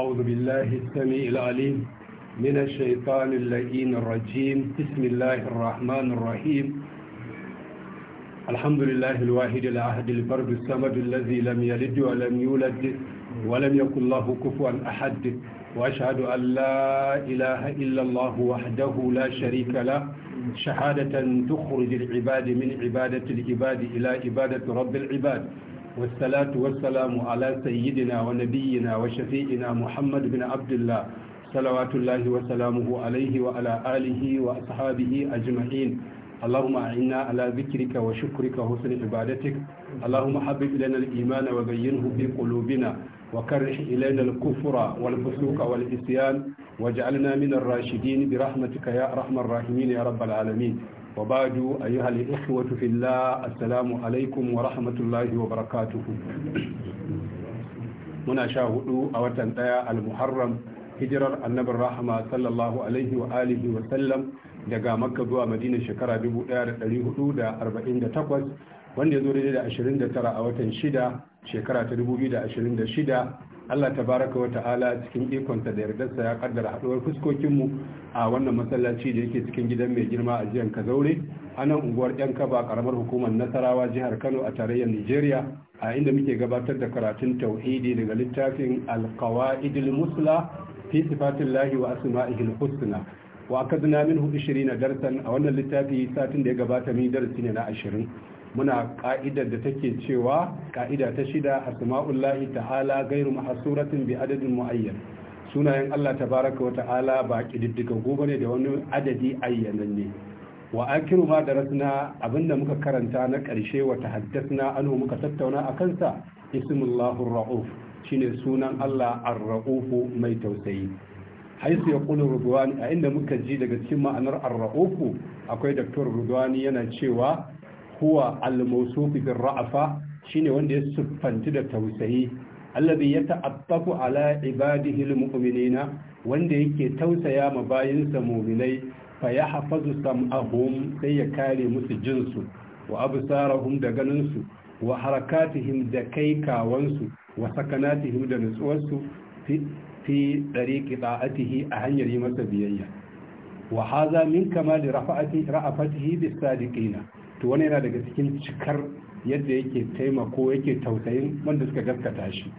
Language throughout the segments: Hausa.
أعوذ بالله السميع العليم من الشيطان اللئيم الرجيم بسم الله الرحمن الرحيم الحمد لله الواحد العهد البرد الصمد الذي لم يلد ولم يولد ولم يكن له كفوا أحد وأشهد أن لا إله إلا الله وحده لا شريك له شهادة تخرج العباد من عبادة العباد إلى عبادة رب العباد والصلاة والسلام على سيدنا ونبينا وشفيئنا محمد بن عبد الله صلوات الله وسلامه عليه وعلى آله وأصحابه أجمعين اللهم أعنا على ذكرك وشكرك وحسن عبادتك اللهم حبب إلينا الإيمان وبينه في قلوبنا وكره إلينا الكفر والفسوق والإسيان واجعلنا من الراشدين برحمتك يا أرحم الراحمين يا رب العالمين وبعد أيها الإخوة في الله السلام عليكم ورحمة الله وبركاته منا a أوتن ɗaya المحرم hijirar annabin rahama sallallahu alaihi wa alihi wa sallam daga makka zuwa madina shekara 1448 wanda ya zo daidai da 29 a watan 6 shekara ta 2026 Allah ta baraka wa ta'ala cikin ikonta da yardarsa ya kaddara haduwar fuskokinmu a wannan masallaci da yake cikin gidan mai girma a jihar Kazaure a nan unguwar yan kaba karamar hukumar Nasarawa jihar Kano a tarayyar Nigeria a inda muke gabatar da karatun tauhidi daga littafin Al-Qawaidul Musla fi sifatillahi wa asma'ihil husna wa akadna minhu 20 darsan a wannan littafi satin da ya gabata min darasi ne na ashirin. muna ka'idar da take cewa ƙa'ida ta shida asma'ullahi ta'ala gairu mahsuratin bi adadin muayyan sunayen Allah tabaraka wa ta'ala ba kididdiga gobe ne da wani adadi ayyananne wa akiru ma darasna abinda muka karanta na ƙarshe wa tahaddathna anhu muka tattauna akan sa ismullahur rauf shine sunan Allah ar-rauf mai tausayi haisu ya kula rudwani a inda muka ji daga cikin ma'anar ar akwai daktar rudwani yana cewa huwa al-mawsuf bil ra'fa shine wanda ya siffanti da tausayi alladhi yata'attafu ala ibadihi al-mu'minina wanda yake tausaya ma bayinsa mu'minai fa yahfazu sam'ahum sai ya kare musu jinsu wa absarahum da ganinsu wa harakatihim da kaikawansu wa sakanatihim da nutsuwarsu fi dariqi da'atihi a hanyar yi masa biyayya wa haza min kamali rafa'ati ra'afatihi bis sadiqina to wani yana daga cikin cikar yadda yake taimako yake tausayin wanda suka gaskata shi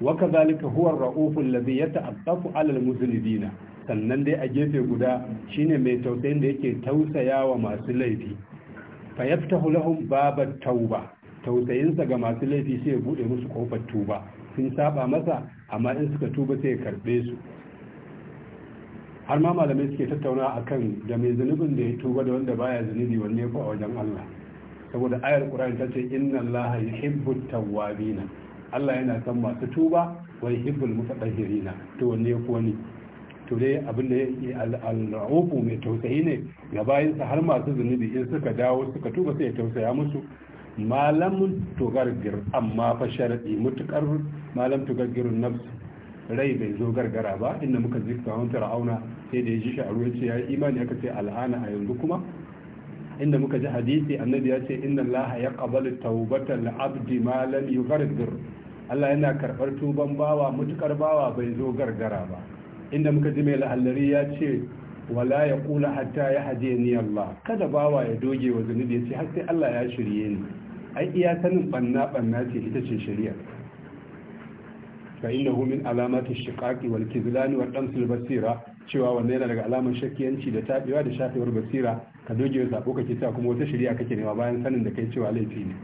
wa kazalika huwa ar-ra'ufu alladhi yata'attafu 'ala al-muzlimina sannan dai a gefe guda shine mai tausayin da yake tausayawa masu laifi fa yaftahu lahum baba tauba sa ga masu laifi sai ya bude musu kofar tuba sun saba masa amma in suka tuba sai ya karbe su har ma malamai suke tattauna a kan da mai zunubin da ya tuba da wanda baya zunubi wanne ya a wajen Allah saboda ayar Qur'ani ta ce inna Allah yuhibbu tawwabina Allah yana san masu tuba wa yuhibbul mutatahhirina to wanne ya ne to dai abin da al-raufu mai tausayi ne ga bayin har masu zunubi in suka dawo suka tuba sai ya tausaya musu malamun tugargir amma fa sharadi mutukar malam tugargirun nafsu rai bai zo gargara ba inda muka ji kawon fir'auna sai da ya ji sha'aru ya ce ya yi imani aka ce al'ana a yanzu kuma inda muka ji hadisi annabi ya ce inna Allah ya qabalu tawbatal abdi ma lam yughargir Allah yana karbar tuban bawa mutukar bawa bai zo gargara ba inda muka ji mai lahallari ya ce wala ya kula hatta ya haje ni Allah kada bawa ya doge wa zunubi ya ce har sai Allah ya shirye ni ai iya sanin banna banna ce ita ce shari'a fa innahu min alamati shiqaqi wal kizlan wal damsil basira cewa wannan yana daga alamar shakiyanci da tabewa da shafewar basira ka doge sabo kake ta kuma wata shari'a kake nema bayan sanin da kai cewa laifi ne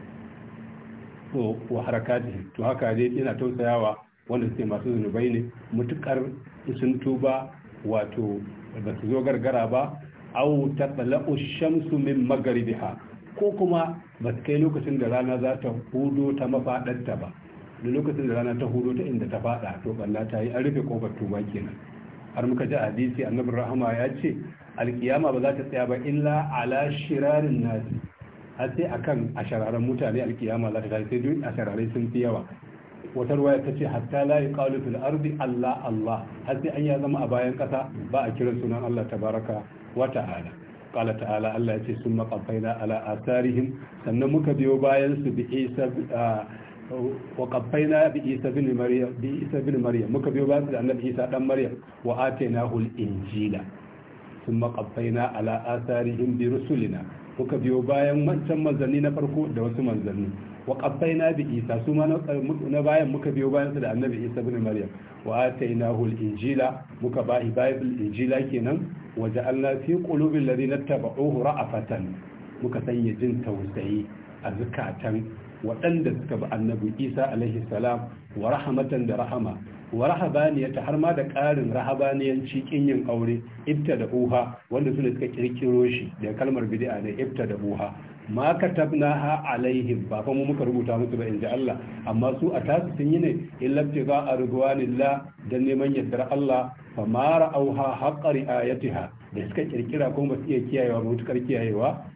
to wa harakati to haka dai yana tausayawa wanda suke masu zunubai ne mutukar sun tuba wato ba su zo gargara ba au tatla'u shamsu min magaribiha ko kuma ba su kai lokacin da rana za ta hudo ta mafaɗarta ba da lokacin da rana ta hudo ta inda ta fada to balla ta yi an rufe kofar tuba kenan har muka ji hadisi annabi rahama ya ce alkiyama ba za ta tsaya ba illa ala shirarin nasi har sai akan mutane alkiyama za ta sai duk asharare sun fi yawa wata ruwaya ta ce hatta la ardi allah allah har sai an ya zama a bayan kasa ba a kiran sunan Allah tabaraka wa ta'ala kala ta'ala Allah ya ce summa qafaina ala asarihim sannan muka biyo bayan su bi isa ah, wa qabbaina bi isa bin maryam muka biyo ba da annabi isa dan maryam wa atainahu al-injila thumma qabbaina rusulina muka biyo bayan wancan na farko da wasu manzanni wa qabbaina bi isa su na bayan muka biyo bayan su da annabi isa bin maryam wa atainahu al-injila muka ba bible injila kenan wa ja'alna fi taba ladina a fatan. muka sanya jin tausayi a zukatan waɗanda suka bi annabi isa alaihi salam wa rahamatan da rahama wa rahabaniyata har ma da ƙarin rahabaniyanci ƙin yin aure ibta da uha wanda suna suka kirkiro shi da kalmar bid'a ne ibta da uha ma ha alaihim ba fa mu muka rubuta musu ba inji Allah amma su a tasu sun yi ne illa a arduwanillah dan neman yardar Allah fa ma ra'auha haqqa ri'ayatiha da suka kirkira kuma ba su iya kiyayewa ba mutukar kiyayewa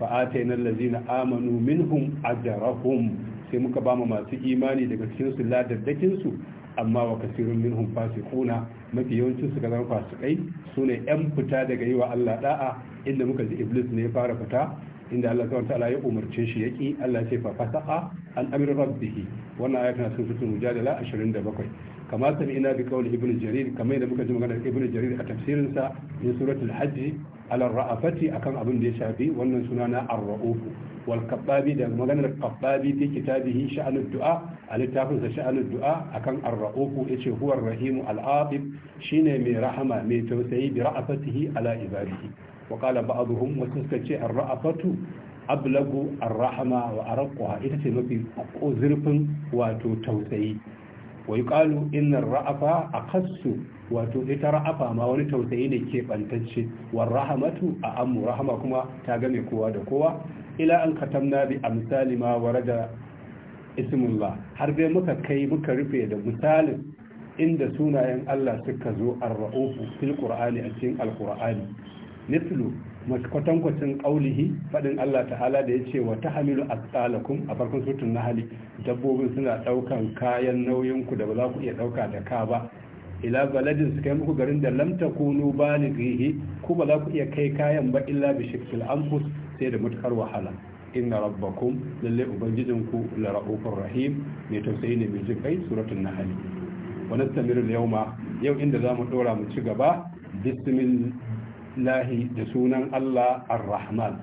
fa'ataina allazina amanu minhum ajrahum sai muka ba mu masu imani daga cikin su ladaddakin su amma wa kasirun minhum fasiquna mafi yawancin su kazan fasikai sune yan fita daga yi wa Allah da'a inda muka ji iblis ne ya fara fita inda Allah subhanahu ta'ala ya umarce shi yaki Allah ya ce fa fasaqa an amri rabbih wannan ayatuna sun fitu mujadala 27 kama sami ina bi kawai ibn jarir kamar yadda muka ji magana ibnu jarir a tafsirinsa min suratul hajji ala ra'afati akan abin da ya shafi wannan suna na ar-ra'uf wal qabbabi da maganar qabbabi fi kitabihi sha'anud du'a a littafinsa sha'anud du'a akan ar-ra'uf yace huwar rahimu rahim shine mai rahama mai tausayi bi ra'afatihi ala ibadihi wa qala ba'dhum wasu suka ce ablagu ar-rahama ita ce mafi zurfin wato tausayi wai kalu inna ra'afa kassu wato ita ra'afa ma wani tausayi ne ke bantacce war rahamatu a ammu rahama kuma ta game kowa da kowa ila an katamna bi amsali ma da ismullah har dai muka kai muka rufe da misalin inda sunayen Allah suka zo ar-ra'ufu fil qur'ani a cikin al-qur'ani mithlu kwatankwacin ƙaulihi faɗin Allah ta'ala da ya ce wa ta hamilu a tsalakun a farkon sutun na hali dabbobin suna ɗaukan kayan nauyinku da ba za ku iya ɗauka da ka ba ila baladin su kai muku garin da lamta kunu gihi ku ba za ku iya kai kayan ba illa bi shikil anfus sai da mutkar wahala inna rabbakum lalle ubangijinku la ra'ufur rahim ne tausayi ne mai suratun kai suratul nahl wa nastamiru al-yawma yau inda zamu dora mu ci gaba bismillah lahi da sunan Allah ar-Rahman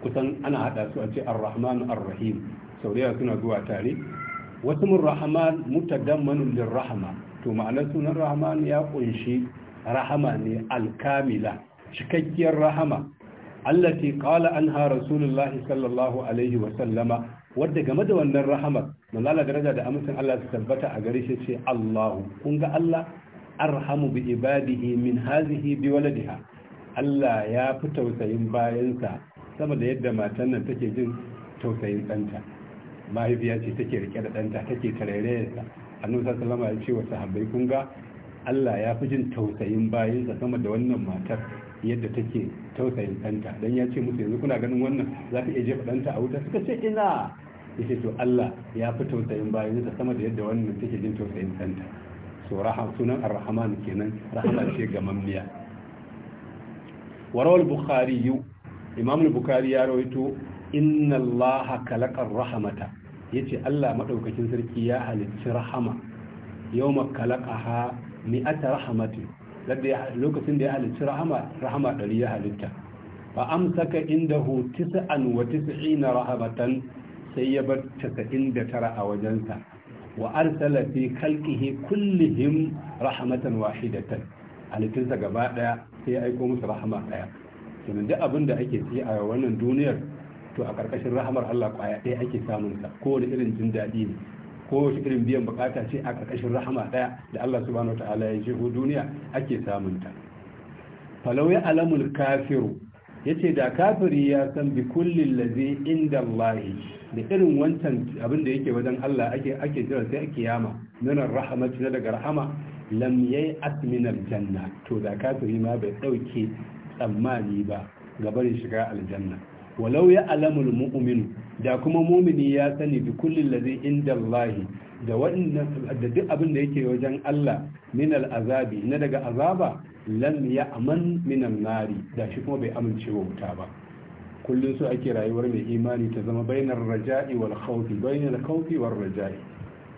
kusan ana hada su a ce ar-Rahman ar-Rahim sau suna zuwa tare wasu mun rahman mutadammanun Rahma to ma'anar sunan rahman ya kunshi rahama ne alkamila cikakkiyar rahama allati qala anha rasulullahi sallallahu alaihi wa sallama wadda game da wannan mun manzala daraja da amincin Allah su tabbata a gare shi ce Allahu kun ga Allah arhamu bi ibadihi min hazihi bi waladiha Allah ya fi tausayin bayansa sama da yadda matan nan take jin tausayin ɗanta mahaifiya ce take rike da ɗanta take tarairayarsa annabi sallallahu alaihi ya ce wa sahabbai kun ga Allah ya fi jin tausayin bayansa sama da wannan matar yadda take tausayin ɗanta dan ya ce musu yanzu kuna ganin wannan za ka iya jefa ɗanta a wuta suka ce ina ya ce to Allah ya fi tausayin bayansa sama da yadda wannan take jin tausayin ɗanta to raham sunan ar-rahman kenan rahama ce ga mammiya warawal bukhari imam al-bukhari ya rawaito inna allaha khalaqa rahmata yace Allah madaukakin sarki ya halicci rahama yawma khalaqaha mi'ata rahmatin lokacin da ya halicci rahama rahama ɗari ya halitta fa amsaka indahu 99 rahmatan sai ya bar 99 a wajensa wa arsala fi khalqihi kullihim rahmatan wahidatan halittunsa gaba daya sai aiko musu rahama daya sannan duk abin da ake ci a wannan duniyar to a karkashin rahamar Allah kwaya daya ake samun sa kowane irin jin daɗi ne kowace irin biyan bukata ce a karkashin rahama daya da Allah subhanahu wataala ya jiho duniya ake samun ta falau ya alamul kafiru yace da kafiri ya san bi kulli ladhi inda Allah da irin wancan abin da yake wajen Allah ake ake jira sai kiyama min rahmat na daga rahama lam yai'at min janna, to da kafiri ma bai dauke tsammani ba ga barin shiga aljanna walau ya alamul mu'min da kuma mumini ya sani bi kulli ladhi inda Allah da da duk abin da yake wajen Allah min al'azabi na daga azaba lam ya aman minan nari da shi kuma bai amince wa wuta ba kullum su ake rayuwar mai imani ta zama bainar raja'i wal khawfi bainar khawfi wal raja'i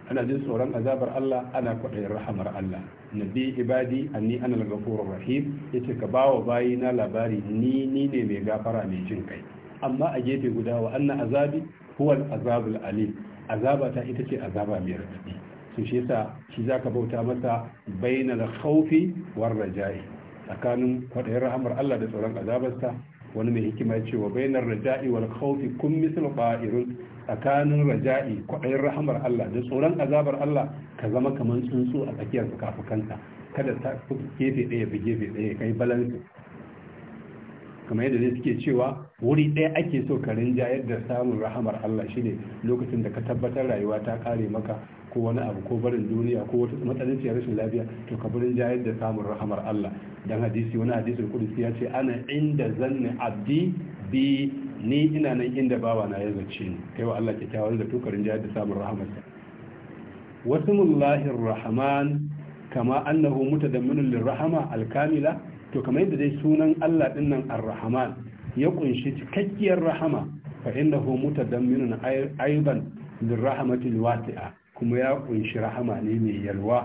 ana jin tsoron azabar Allah ana kwaɗayin rahamar Allah nabi ibadi anni anal ghafurur rahim yace ka bawa bayina labari ni ni ne mai gafara mai jin kai amma a gefe guda wa anna azabi huwa al azabul alim azaba ta ita ce azaba mai raɗaɗi to shi yasa shi za ka bauta masa bainal khawfi war raja'i tsakanin kwaɗayin rahamar Allah da tsoron azabarsa wani mai hikima ce wa bainar raja'i wal khawfi kun misal ba'irun tsakanin raja'i kwaɗayin rahamar Allah da tsoron azabar Allah ka zama kamar tsuntsu a tsakiyar fukafukanka kada ta gefe ɗaya bi gefe ɗaya kai balansu kamar yadda suke cewa wuri ɗaya ake so ka rinjayar da samun rahamar Allah shine lokacin da ka tabbatar rayuwa ta kare maka ko wani abu ko barin duniya ko wata matsalanciyar rashin lafiya to ka burin jayar da samun rahamar Allah dan hadisi wani hadisin kudusi ya ce ana inda zanni abdi bi ni ina nan inda bawa na ya zace ni kai wa Allah kyakkyawar da tukarin jayar da samun rahamar sa wasmullahi rahman kama annahu mutadamminun lirrahama alkamila to kamar yadda dai sunan Allah din nan Ar-Rahman ya kunshi cikakkiyar rahama fa innahu mutadamminun aiban bil rahmati wasi'a kuma ya kunshi rahama ne mai yalwa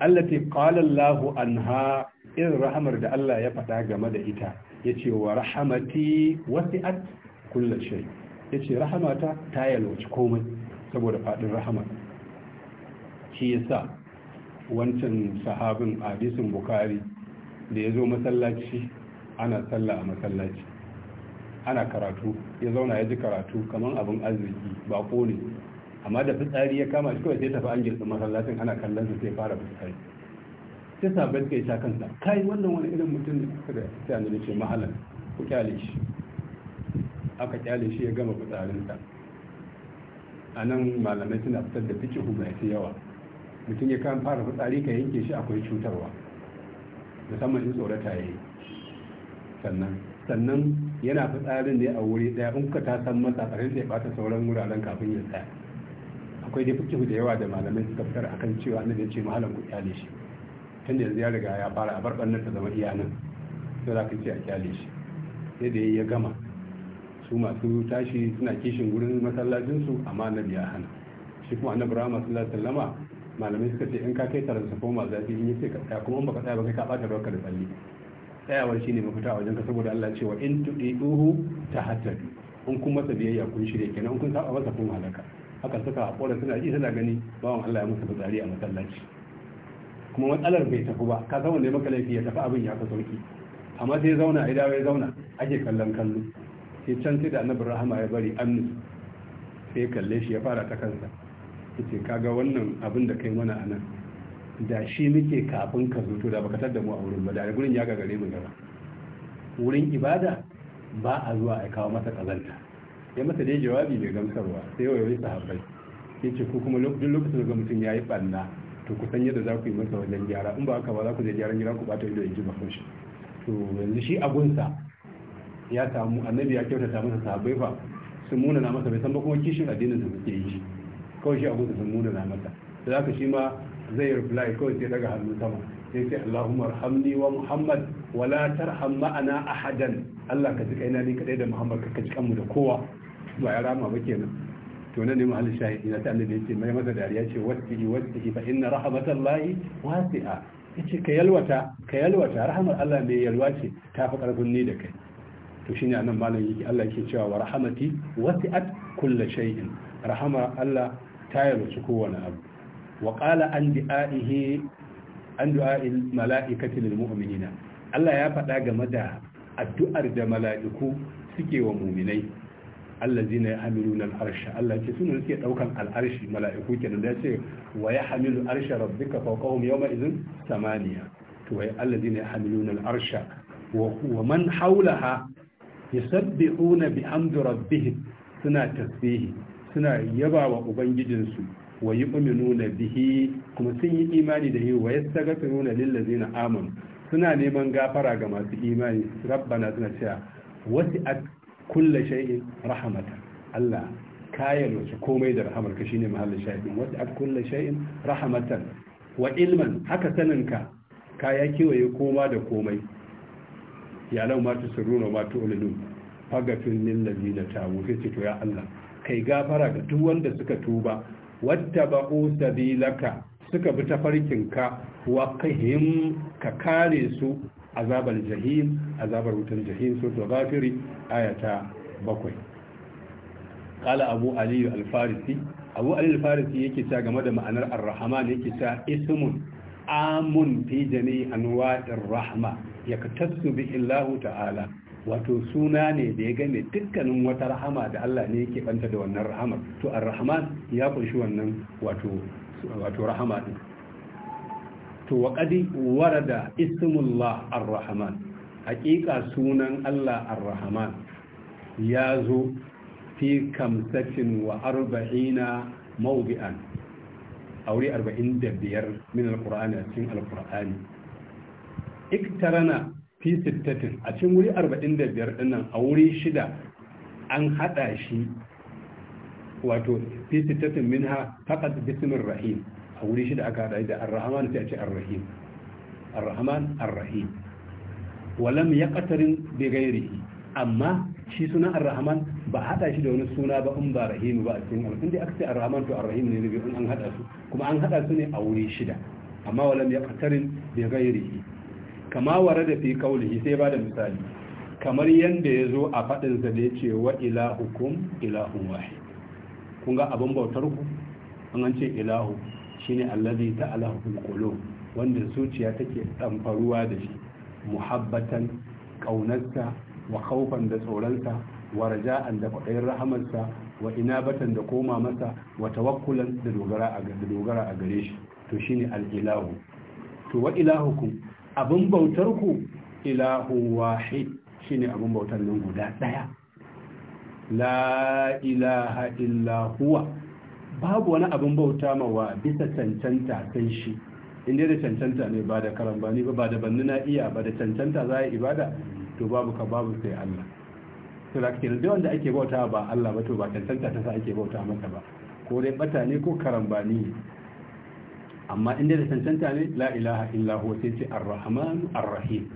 allati qala Allah anha irin rahamar da Allah ya faɗa game da ita yace wa rahamati wasi'at kullu shay yace rahamata ta yalwaci komai saboda faɗin rahama shi yasa wancan sahabin hadisin Bukhari da ya zo masallaci ana sallah a masallaci ana karatu ya zauna ya ji karatu kamar abin arziki ba ne amma da fitsari ya kama shi kawai sai tafi an girsa masallacin ana kallon su sai fara fitsari sai sabbin suka yi sha kansa kai wannan wani irin mutum da suka da sai an ce mahalar ku kyale shi aka kyale shi ya gama fitsarinsa a nan malamai suna fitar da fikihu mai yawa mutum ya kan fara fitsari ka yanke shi akwai cutarwa musamman in tsorata ya yi sannan sannan yana fitsarin ne a wuri daya in ka san masa tsarin ya bata sauran wuraren kafin ya tsaya akwai dai da yawa da malamai suka fitar akan cewa annabi ya ce mahalan ku kyale shi tun yanzu ya riga ya fara a nan ta zama iya nan sai za ka ce a kyale shi sai da ya gama su masu tashi suna kishin wurin masallacinsu amma annabi ya hana shi kuma annabi rahama sallallahu alaihi wasallama malamai suka ce in ka kai koma zafi in yace ka tsaya kuma in baka tsaya ba kai ka bata barka da tsalli tsayawar shine mafita a wajenka saboda Allah cewa in ta tahaddadu in kun masa biyayya kun shirye kenan in kun saba masa kun halaka haka suka hakura suna ji suna gani bawan Allah ya musu fitsari a masallaci kuma matsalar bai tafi ba ka san wanda ya maka laifi ya tafi abin ya ka sauki amma sai ya zauna a idawa ya zauna ake kallon kallo sai can sai da annabin rahama ya bari amni sai kalle shi ya fara ta kansa ce kaga wannan abin da kai mana anan da shi muke kafin ka zuto da baka tada mu a wurin ba da gurin ya gagare mu gaba wurin ibada ba a zuwa a kawo masa kazanta ya masa dai jawabi mai gamsarwa sai wayoyi sahabbai ce ko kuma duk lokacin da mutum ya yi banna to ku san yadda za ku yi masa wajen gyara in ba haka ba za ku je gyaran gyara ku bata ido yanzu ba shi to yanzu shi abunsa ya samu annabi ya kyautata masa sahabbai fa sun muna na masa bai san ba kuma kishin addinin da muke yi kawai shi abin da sun muna na masa da za ka shi ma zai reply kawai sai daga hannu sama sai sai Allahumma arhamni wa Muhammad wa la tarham ma'ana ahadan Allah ka ji kaina ni kadai da Muhammad ka ji kanmu da kowa ba ya rama ba kenan to nan ne mahallin shahidi ina ta annabi yace mai masa dariya ce wasihi wasihi fa inna rahmatallahi wasi'a yace ka yalwata ka yalwata rahmar Allah mai yalwa ce ta fi karfin ni da kai to shi shine anan malam yake Allah yake cewa wa rahmati wasi'at kulli shay'in rahama Allah ta yarci kowane abu wa qala an du'a'ihi an du'a'il mala'ikati lil mu'minina Allah ya faɗa game da addu'ar da mala'iku suke wa mu'minai allazina yahmiluna al-arsha Allah ce sunan suke daukan al-arshi mala'iku kenan da ce wa yahmilu arsha rabbika fawqahum yawma idhin samaniya to wai allazina yahmiluna al-arsha wa huwa man hawlaha yusabbihuna bihamdi rabbihim suna tasbihi suna yaba wa ubangijinsu wa yi nuna bihi kuma sun yi imani da yi wa ya sagafi nuna zina, amon suna neman gafara ga masu imani rabbana suna cewa wasu a kulla shay'in rahamata Allah kayan wasu komai da rahamar ka shine mahallin shay'in wasu a kulla shay'in rahamata wa ilman haka saninka kaya kewaye koma da komai yalan lau ma tusirruna ma tu'linu fagafin lillazina tawo sai ce to ya Allah kai gafara ga duk wanda suka tuba wattaba'u sabilaka suka bi ta farkin wa kahim ka kare su azabar jahim azabar wutar jahim to gafiri ayata bakwai kala abu ali al abu ali al-farisi yake ta game da ma'anar arrahman yake ta ismun amun fi jani anwa'ir rahma yakatasu bihi Allah ta'ala wato suna ne da ya game dukkanin wata rahama da Allah ne yake banta da wannan rahamar to ar-rahman ya kunshi wannan wato wato rahama din to wa qadi warada ismullah ar-rahman haƙiƙa sunan Allah ar-rahman ya zo fi kamsatin wa arba'ina mawdi'an aure 45 min al-qur'ani cikin al-qur'ani iktarana fi sittatin a cikin wuri 45 dinnan a wuri shida an hada shi wato fi sittatin minha faqat bismir rahim a wuri shida aka hada da ar-rahman sai a ce ar-rahim ar-rahman ar-rahim walam yaqtarin bi ghairihi amma shi suna ar-rahman ba hada shi da wani suna ba in ba rahim ba a cikin alƙur'ani inda aka ce ar-rahman to ar-rahim ne ne an hada su kuma an hada su ne a wuri shida amma walam yaqtarin bi ghairihi kama ware da fi kaulihi sai ba da misali kamar yadda ya zo a faɗinsa da ya ce wa ilahukum ilahun wahid kun ga abin bautar ku an an ce ilahu shine allazi ta fil qulub wanda zuciya take tsamfaruwa da shi muhabbatan ƙaunarsa, wa khawfan da tsoronsa wa raja'an da kwaɗayin rahamarsa wa inabatan da koma masa wa tawakkulan da dogara a gare shi to shine al ilahu to wa ilahukum abin bautar ku ilahu wahid shine abin bautar nan guda daya la ilaha illa huwa babu wani abin bauta mawa bisa cancanta kan shi inda da cancanta ne ba da karambani ba da banni na iya ba da cancanta za a ibada to babu ka babu sai Allah to da kike da wanda ake bauta ba Allah ba to ba cancanta ta sa ake bauta maka ba ko dai bata ko karambani amma inda da cancanta ne la ilaha illahu sai ce ar-rahman ar-rahim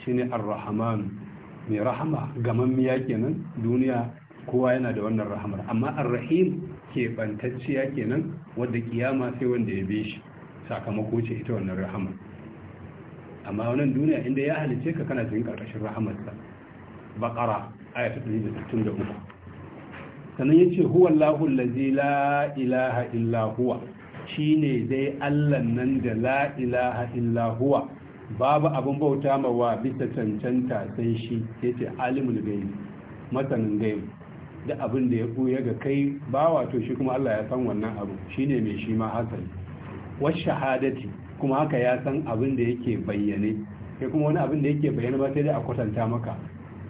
shine ar-rahman mai rahama mamiya kenan duniya kowa yana da wannan rahamar amma ar-rahim ke bantacciya kenan wadda kiyama sai wanda ya bi shi sakamako ce ita wannan rahama amma wannan duniya inda ya halice ka kana cikin karkashin sa baqara aya ta 163 yace huwallahu allazi la ilaha illa huwa Shi ne dai Allah nan da La'ilaha ilaha illa huwa babu abin bauta mawa bisa cancanta sai shi yace alimul gaibi masanin gaibi da abin da ya buya ga kai ba wato shi kuma Allah ya san wannan abu shi ne mai shi ma hasali wasu shahadati kuma haka ya san abin da yake bayyane sai kuma wani abin da yake bayyane ba sai dai a kwatanta maka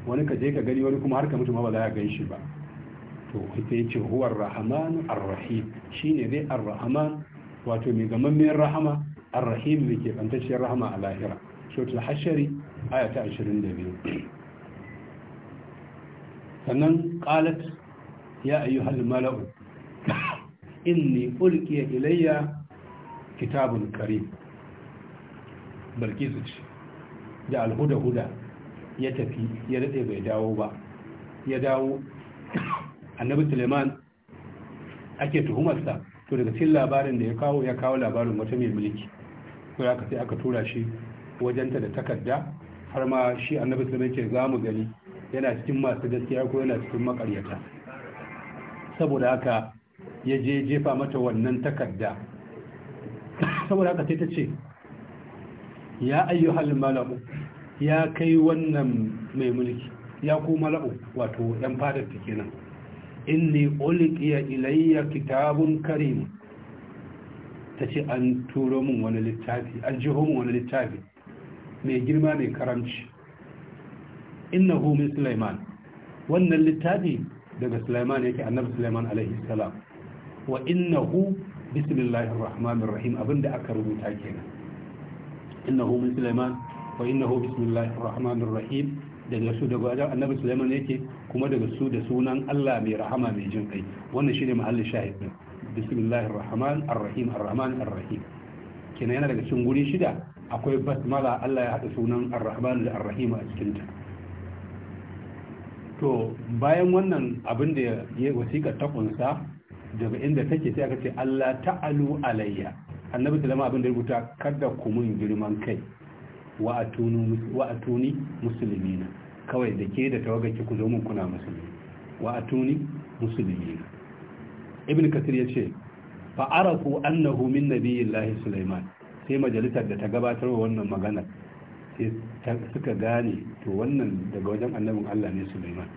wani ka je ka gani wani kuma har ka mutu ma ba za ka gan shi ba to sai ce huwar rahman ar-rahim shine dai ar wato mai "Gamammiyar rahama ar-rahim mai ke fantacciyar rahama a lahira shotul hashari aya ta 22 sannan kalat ya ayyuhal mala'u inni ulqiya ilayya kitabun karim barkisu ce da alhuda-huda ya tafi ya daɗe bai dawo ba ya dawo annabi suleiman ake tuhumarsa to daga cikin labarin da ya kawo ya kawo labarin wata mai mulki ko ya sai aka tura shi wajenta da takarda har ma shi annabi suleiman ce za mu gani yana cikin masu gaskiya ko yana cikin makaryata saboda haka ya je jefa mata wannan takarda saboda haka sai ta ce ya ayyuhal malamu ya kai wannan mai mulki ya ku mala'u wato yan fadar ta kenan inni ulqiya ilayya kitabun karim ce an turo min wani littafi an jiho min wani littafi mai girma mai karamci innahu min sulaiman wannan littafi daga sulaiman yake annabi sulaiman alaihi salam wa innahu bismillahir rahmanir rahim abinda aka rubuta kenan innahu min sulaiman wa innahu bismillahir rahmanir rahim daga su daga wajen annabi sulaiman yake kuma daga su da sunan allah mai rahama mai jin kai wannan shine mahallin shahid din bismillahir rahman arrahim arrahman arrahim kina yana daga cikin guri shida akwai basmala allah ya hada sunan arrahman da arrahim a cikin ta to bayan wannan abin da ya wasiƙa ta kunsa daga inda take sai aka ce allah ta'alu alayya annabi Suleiman abin da rubuta kada ku mun girman kai wa atuni musulmina kawai da ke da ki ku zo mun kuna musulmi wa atuni musulmina ibn kathir ya ce arafu annahu min nabiyillahi sulaiman sai majalisar da ta gabatar wa wannan magana sai suka gane to wannan daga wajen annabin Allah ne sulaiman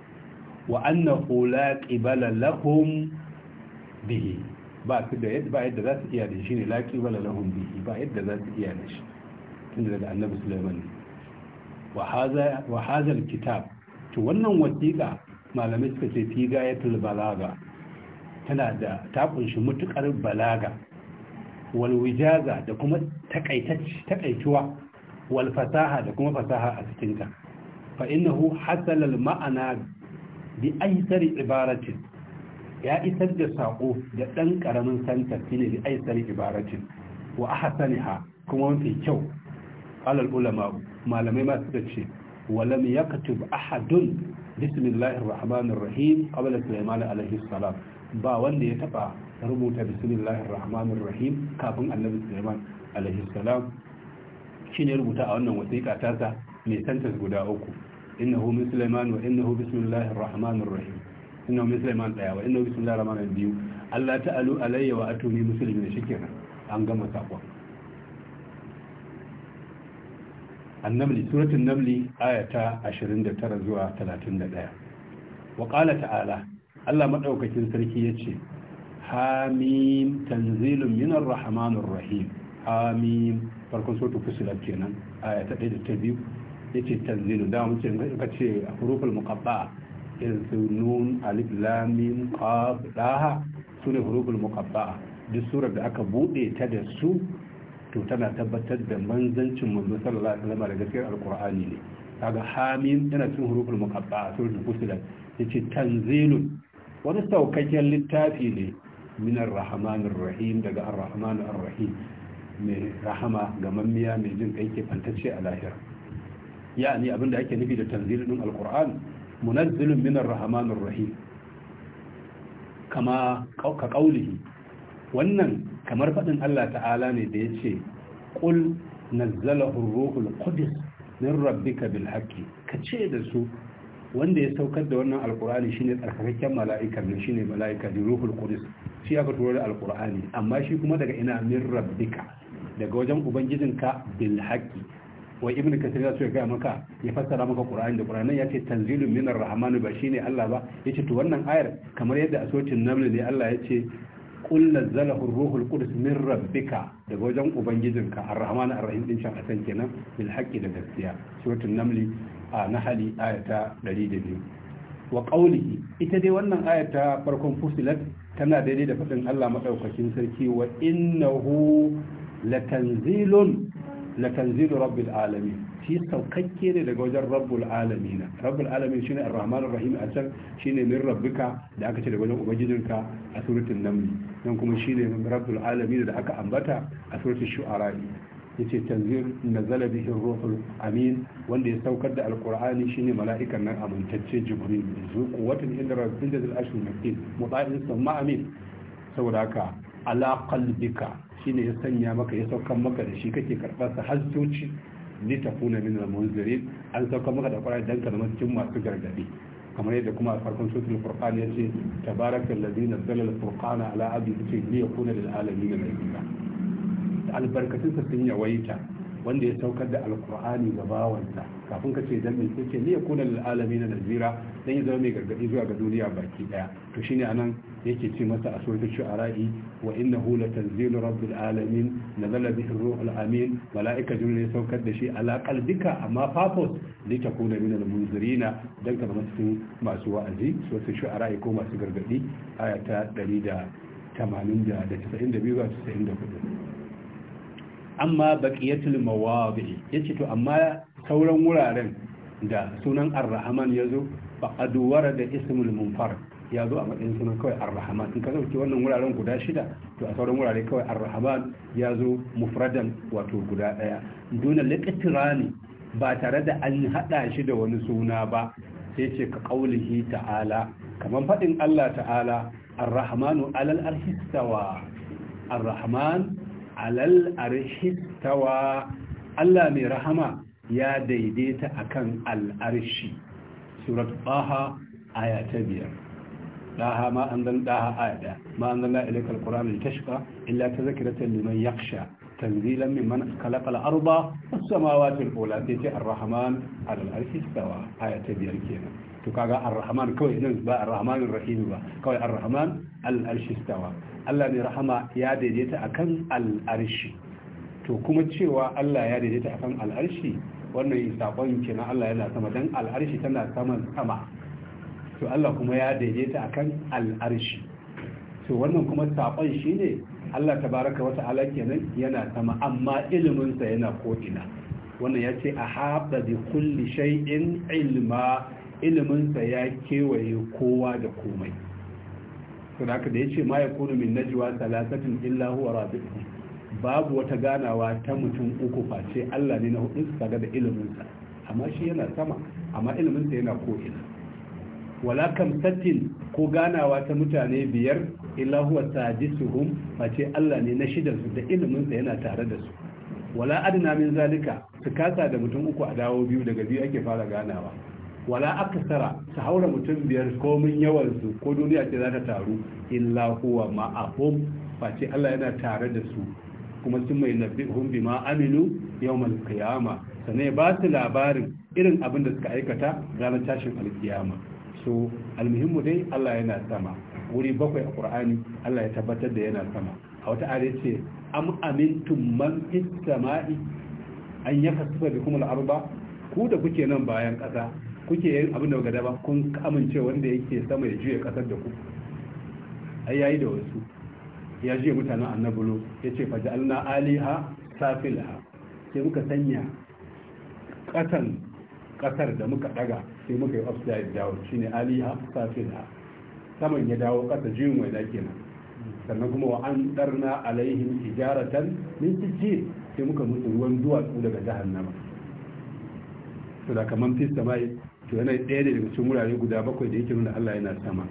wa annahu la qibala lahum bihi ba su da yadda za su iya da shi ne la qibala lahum bihi ba yadda za su iya da shi tun daga annabi sulaiman wa hazal kitab to wannan wasiƙa malamai suka ce fi balaga tana da ta kunshi mutukar balaga wal wijaza da kuma takaituwa wal fasaha da kuma fasaha a cikinta fa innahu hasala al ma'ana bi aisar ibaratin ya isar da sako da dan karamin santa shine bi aisar ibaratin wa ahsaniha kuma mafi kyau alal ulama malamai ma suka ce walam yaktub ahadun bismillahir rahmanir rahim qabla sulaiman alaihi salam ba wanda ya taba rubuta bismillahir rahmanir rahim kafin annabi sulaiman alaihi salam shine rubuta a wannan wasiƙa ta sa mai santas guda uku innahu min sulaiman wa innahu bismillahir rahmanir rahim innahu min sulaiman daya wa innahu bismillahir rahmanir biyu Allah ta'alu alayya wa atuni muslimin shikenan an gama sakon annamli suratul namli ayata 29 zuwa 31 wa qala ta'ala Allah madaukakin sarki yace hamim tanzilun minar rahmanir rahim hamim farkon suratul fusilat kenan ayata 1 da ta biyu yace tanzilu da mun ce ka ce huruful muqatta irin su nun alif lam mim qaf daha sune huruful muqatta duk surar da aka buɗe ta da su to tana tabbatar da manzancin manzo sallallahu alaihi wasallam da gaskiyar alqur'ani ne kaga hamim yana cikin huruful muqatta a suratul fusilat yace tanzilun wani saukakken littafi ne min arrahmanir rahim daga arrahmanir rahim mai rahama ga mammiya mai jin kai ke fantace a lahira yani abinda ake nufi da tanzilun alqur'an munazzilun min arrahmanir rahim kama ka qaulihi wannan kamar faɗin Allah ta'ala ne da ya ce ƙul nazzalahu ruhul qudus min rabbika bil haqqi ka ce da su wanda ya saukar da wannan alqur'ani shine tsarkakakken mala'ika ne shine mala'ika di ruhul qudus shi aka turo da alqur'ani amma shi kuma daga ina min rabbika daga wajen ubangijinka bil haqqi wa ibn kathir ya ce ga maka ya fassara maka qur'ani da qur'anin ya ce tanzilun minar rahman ba shine Allah ba yace to wannan ayar kamar yadda a sotin ne Allah ya ce Ƙulla nazzalahu ruhul qudus min rabbika daga wajen ubangijinka ar-rahman ar-rahim din shan asan kenan bil haqqi da gaskiya suratul namli a nahali ayata 102 wa qawlihi ita dai wannan ayata farkon fusilat tana daidai da faɗin Allah maɗaukakin sarki wa innahu latanzilun latanzilu rabbil alamin shi saukakke ne daga wajen rabbul alamina rabbul alamin shine ar-rahman rahim a can shine min rabbika da aka ce daga wajen ubangijinka a suratul naml nan kuma shine rabbul alamin da aka ambata a suratul shu'ara yace tanzir nazala bihi ruhul amin wanda ya saukar da alqur'ani shine mala'ikan nan amintacce jibril zu quwwatin inda rabbil ashur makin muta'in sama amin saboda haka ala qalbika shine ya sanya maka ya saukar maka da shi kake karɓar sa har litakuna min al-munzirin an sauka maka da Qur'ani dan ka cikin masu gargadi kamar yadda kuma a farkon suratul furqan yace tabarakal ladzi nazzala al-furqana ala abdihi liyakuna lil alamin nadhira albarkatun sa sun yawaita wanda ya saukar da alkur'ani ga bawansa kafin ka ce dan me sai ce ne ya kuna lil na nazira dan ya zama mai gargadi zuwa ga duniya baki daya to shine anan yake ce masa a suratul shu'ara'i wa innahu latanzilu rabbil alamin nazala bihi ruhul amin malaika jibril ya saukar da shi ala qalbika amma purpose li takuna min al munzirina dan ka zama cikin masu wa'azi sosai shu'ara'i ko masu gargadi aya ta 182 ga 94 amma baqiyatul mawadi yace to amma sauran wuraren da sunan ar-rahman yazo faqad warada ismul munfarid ya zo a matsayin sunan kawai ar-rahman in ka dauki wannan wuraren guda shida to a sauran wurare kawai ar-rahman ya zo mufradan wato guda ɗaya. dole liqitirani ba tare da an haɗa shi da wani suna ba sai ce ka ƙaulihi ta'ala kamar faɗin Allah ta'ala ar-rahmanu alal arhistawa ar-rahman alal arshi Allah mai rahama ya daidaita akan al'arshi surat baha aya ta biyar daha ma an zan daha aya da ma an zan la'ilika alkur'an da tashka illa ta zakiratan liman yaksha tanzilan mimman kalakal arba wasu samawa tilbola sai ce arrahaman alal arshi tawa aya ta biyar kenan to kaga ar-rahman kawai nan ba ar-rahman rahim ba kawai ar-rahman al-arshi stawa Allah ne rahama ya daidaita akan al-arshi to kuma cewa Allah ya daidaita akan al-arshi wannan sakon kenan Allah yana sama dan al-arshi tana sama sama to Allah kuma ya daidaita akan al-arshi to wannan kuma sakon shine Allah tabaraka wa ta'ala kenan yana sama amma iliminsa yana ko'ina wannan ya ce a haɗa da kulli shay'in ilma iliminsa ya kewaye kowa da komai saboda haka da ya ce ma ya kunu min najwa talatin illa huwa rabi'uhum babu wata ganawa ta mutum uku face Allah ne na hudu su kaga da iliminsa amma shi yana sama amma iliminsa yana ko'ina wala kam kamsatin ko ganawa ta mutane biyar illa huwa sadisuhum face Allah ne na shidan su da iliminsa yana tare da su wala adna min zalika su kasa da mutum uku a dawo biyu daga biyu ake fara ganawa wala aka sara su haura mutum biyar komin yawansu ko duniya ce za ta taru illa huwa ma'ahum face Allah yana tare da su kuma sun mai nabihun ma aminu yawmal qiyama sannan ba su labarin irin abin da suka aikata ranar tashin alkiyama so almuhimmu dai Allah yana sama wuri bakwai a Qur'ani Allah ya tabbatar da yana sama a wata ayar ce am amintum man fis sama'i an yakasufa bikum kumul arba ku da kuke nan bayan kasa. kuke yin abin da ba gada kun amince wanda yake sama ya juya kasar da ku ai yayi da wasu ya juya mutanen annabulo ya ce alna aliha safilha sai muka sanya kasan kasar da muka daga sai muka yi upside down shine aliha safilha saman ya dawo kasa juyin da kenan sannan kuma wa an darna alaihim ijaratan min tijji sai muka musu ruwan duwatsu daga jahannama to da kaman fi samai to yana ɗaya da daga cikin wurare guda bakwai da yake nuna Allah yana sama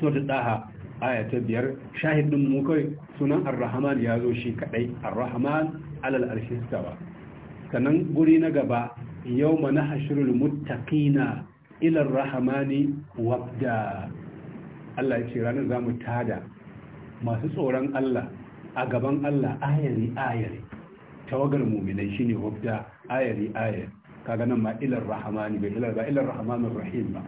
da daha aya ta biyar shahidin mu kai sunan ar-rahman ya zo shi kadai ar-rahman alal arshi istawa sannan guri na gaba yawma nahshurul muttaqina ila ar-rahmani wabda Allah ya ce ranar zamu tada masu tsoron Allah a gaban Allah ayari ayari tawagar mu'minai shine wabda ayari ayari kaga nan ma ilar rahamani bai ilar ba ilar rahmanir rahim ba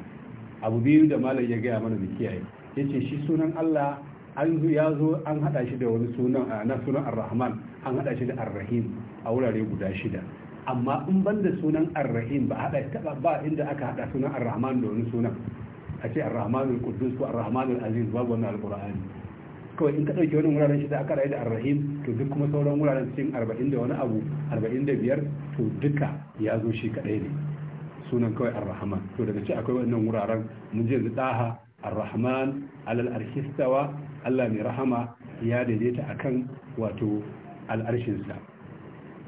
abu biyu da malam ya gaya mana mu kiyaye ce shi sunan Allah an ya zo an hada shi da wani sunan na sunan ar-rahman an hada shi da ar-rahim a wurare guda shida amma in ban da sunan ar-rahim ba hada taba ba inda aka hada sunan ar-rahman da wani sunan a ce ar-rahmanul ko ar-rahmanul aziz babu wannan alqur'ani kawai in ka dauki wannan wuraren shida aka rayu da ar-rahim to duk kuma sauran wuraren cikin arba'in da wani abu arba'in da biyar to duka ya zo shi kaɗai ne sunan kawai arrahman to daga ci akwai wannan wuraren mun je daha arrahman alal arhistawa allah mai rahama ya daidaita a kan wato al'arshinsa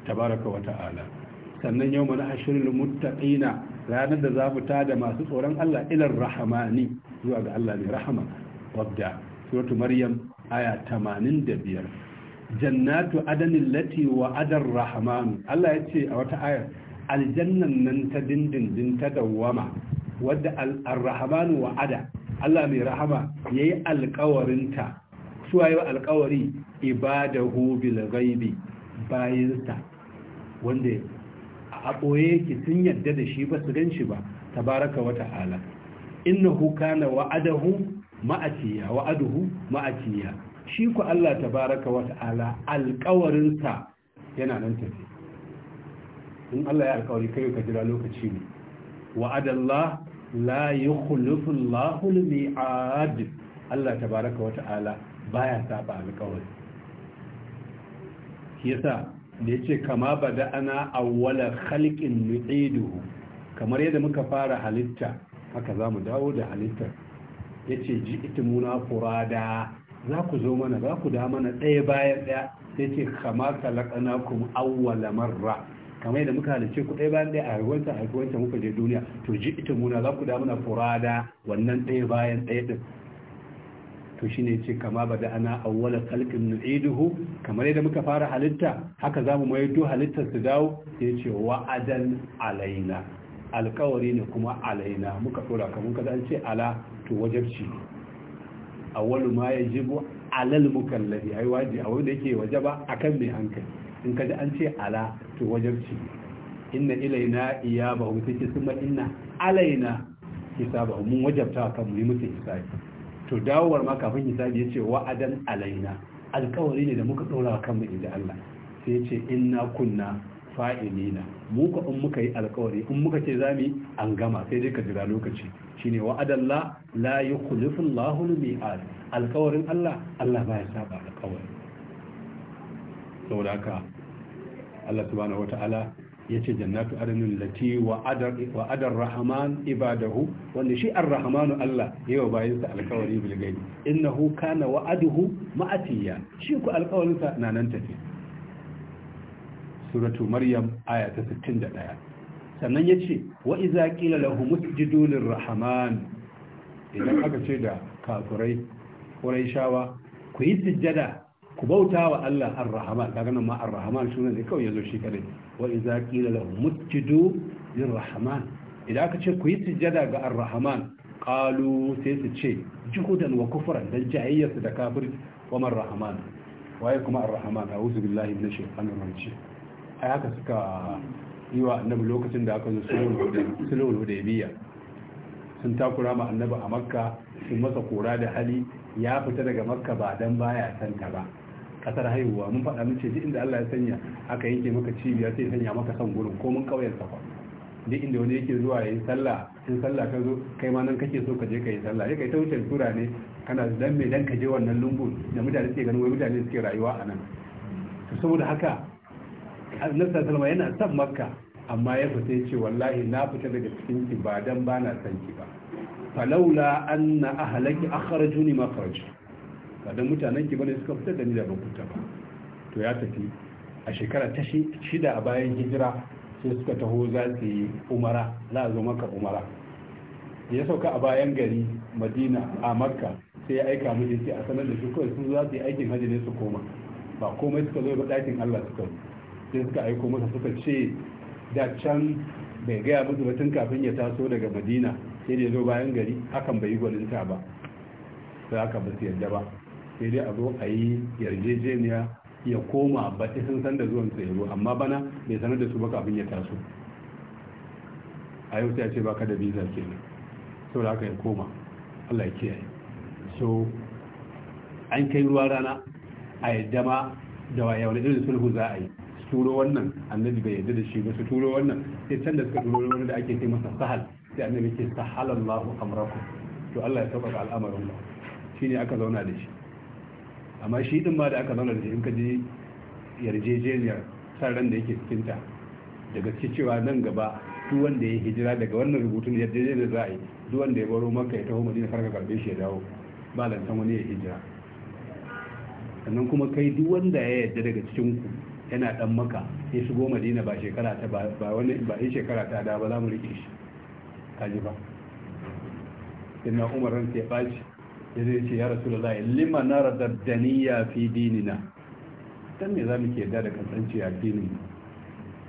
tabaraka wa ta'ala sannan yau mana ashirin muttaqina ranar da za mu tada masu tsoron allah ilar rahamani zuwa ga allah mai rahama wadda suratu maryam aya 85 jannatu adanin lati wa adar rahmanu Allah ya ce a wata ayar aljannan nan ta dindindin ta dawama wadda Al-Rahmanu wa ada Allah mai rahama yayi alƙawarinta su waye alƙawari ibadahu bil ghaibi bayinsa wanda a boye ki sun yadda da shi ba su gan shi ba Ta tabaraka wa ta'ala innahu kana wa'adahu ma'atiya wa'aduhu ma'atiya shi ku Allah baraka wa ta'ala alƙawarinsa yana nan tafi in Allah ya alƙawari kai ka jira lokaci ne Wa adallah la yukhlifu Allahu al-mi'ad Allah baraka wa ta'ala baya saba alƙawari yasa da yace kama bada ana awwala khalqin nu'iduhu kamar yadda muka fara halitta haka zamu dawo da halitta yace ji itimuna furada za ku zo mana za ku da mana ɗaya bayan ɗaya sai ce kama kalakana kuma awwala marra kamar yadda muka halice ku ɗaya bayan ɗaya a haihuwanta a muka je duniya to ji ita muna za ku da mana furada wannan ɗaya bayan ɗaya ɗin to shine ce kama ba da ana awwala kalkin nu'iduhu kamar yadda muka fara halitta haka za mu maido halittar su dawo sai ce wa'adan alaina alkawari ne kuma alaina muka tsora kamar ka an ala to wajabci ne awwalu ma yajibu alal mukallafi ai wajibi a da yake wajaba akan mai hankali in kaji an ce ala to wajabci inna ilaina iyabahu take kuma inna alaina hisabahu mun wajabta ka mu yi musu hisabi to dawowar ma kafin hisabi yace wa'adan alaina alkawari ne da muka dora kanmu inda Allah sai yace inna kunna fa'ilina mu ko in muka yi alkawari in muka ce zamu an gama sai dai ka jira lokaci shine wa'adallah la yukhlifu Allahu al-mi'ad alƙawarin Allah Allah baya saba alkawari saboda haka Allah subhanahu wata'ala yace jannatu adnin lati wa'ada wa'ada rahman ibadahu wanda shi ar-rahmanu Allah yayi bayin sa alkawari bil gaibi innahu kana wa'aduhu ma'atiya shi ku alƙawarin sa na nan tafi suratu maryam aya ta 61 sannan ya ce wa iza ƙila lahu musjidulin rahaman idan aka ce da kafurai ƙurai shawa ku yi sujjada ku bauta wa Allah ar-rahman daga nan ma ar-rahman sunan ne kawai yazo shi kadai wa iza qila lahu musjidu lir-rahman idan aka ce ku yi sujjada ga ar-rahman qalu sai su ce juhudan wa kufran dan jahiyyar da kafir wa man rahman waye kuma ar-rahman a'udhu billahi minash shaitanir rajim ai haka suka yi wa annabi lokacin da aka zo sulhul hudaybiyya sun takura ma annabi a makka sun masa kora da hali ya fita daga makka ba dan baya santa ba kasar haihuwa mun faɗa mun ce duk inda Allah ya sanya aka yanke maka cibiya sai sanya maka san gurin ko mun kauyen safa duk inda wani yake zuwa yayin sallah sun sallah ka zo kai ma nan kake so ka je ka yi sallah kai ta wuce tura ne kana dan me dan ka je wannan lungu da mutane suke ganin wai mutane suke rayuwa a nan saboda haka annabi sallallahu alaihi wasallam yana san makka amma ya fita ya ce wallahi na fita daga cikin ki ba dan ba na san ki ba falaula anna ahlaki akhrajuni ma kharaju ba dan mutanen ki bane suka fita da ni da ban fita ba to ya tafi a shekara ta shida a bayan hijira sai suka taho za su yi umara za a zo maka umara ya sauka a bayan gari madina a makka sai ya aika mu yace a sanar da su kawai sun za su yi aikin hajji ne su koma ba komai suka zo ba ɗakin allah suka sai suka aiko masa suka ce da can bai gaya musu ba tun kafin ya taso daga madina sai dai zo bayan gari hakan bai yi gwaninta ba sai aka ba su yarda ba sai dai a zo a yi yarjejeniya ya koma ta sun san da zuwan tsayaro amma bana bai sanar da su ba kafin ya taso a yau sai ce baka da visa kenan da aka ya koma Allah ya kiyaye so an kai ruwa rana a yadda ma da wa wani irin sulhu za a yi turo wannan annabi bai yadda da shi ba su turo wannan sai can da suka turo wani da ake ce masa sahal sai annabi ce Allahu amrakum to Allah ya sauƙaƙa al'amarin ba shine aka zauna da shi amma shi din ba da aka zauna da shi in ka ji yarjejeniyar san ran da yake cikin ta daga cewa nan gaba duk wanda ya hijira daga wannan rubutun yarjejeniyar za a yi duk wanda ya baro maka ya taho madina farka karbe shi ya dawo ba lantan wani ya hijira sannan kuma kai duk wanda ya yarda daga cikin ku yana dan maka ya shigo madina ba shekara ta ba wani ba yi shekara ta da ba za mu rike shi kaji ba inna umar ran ta baci ya zai ce ya rasulullahi lima nara daniya fi dinina dan me za mu ke da kasance a dinin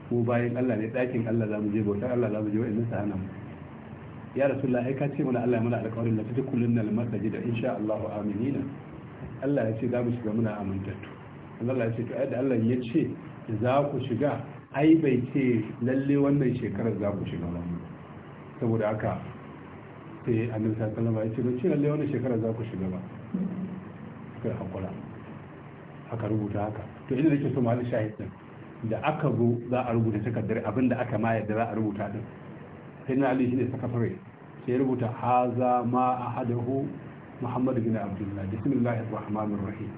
Ko bayan Allah ne dakin Allah za mu je bautar Allah za mu je wa'annan sahana mu ya rasulullahi ka ce mana Allah ya mana alƙawarin da la kullun nan masajid insha Allah aminina Allah ya ce za mu shiga muna amintattu Allah ya ce da Allah ya ce za ku shiga ai bai ce lalle wannan shekarar za ku shiga ba saboda haka sai annabi sallallahu alaihi wasallam ya ce ba ce lalle wannan shekarar za ku shiga ba suka hakura aka rubuta haka to inda nake so malin shahid din da aka zo za a rubuta takardar abinda aka ma yadda za a rubuta din sai na ali shine sakatare sai ya rubuta haza ma ahadahu muhammad bin abdullah bismillahir rahmanir rahim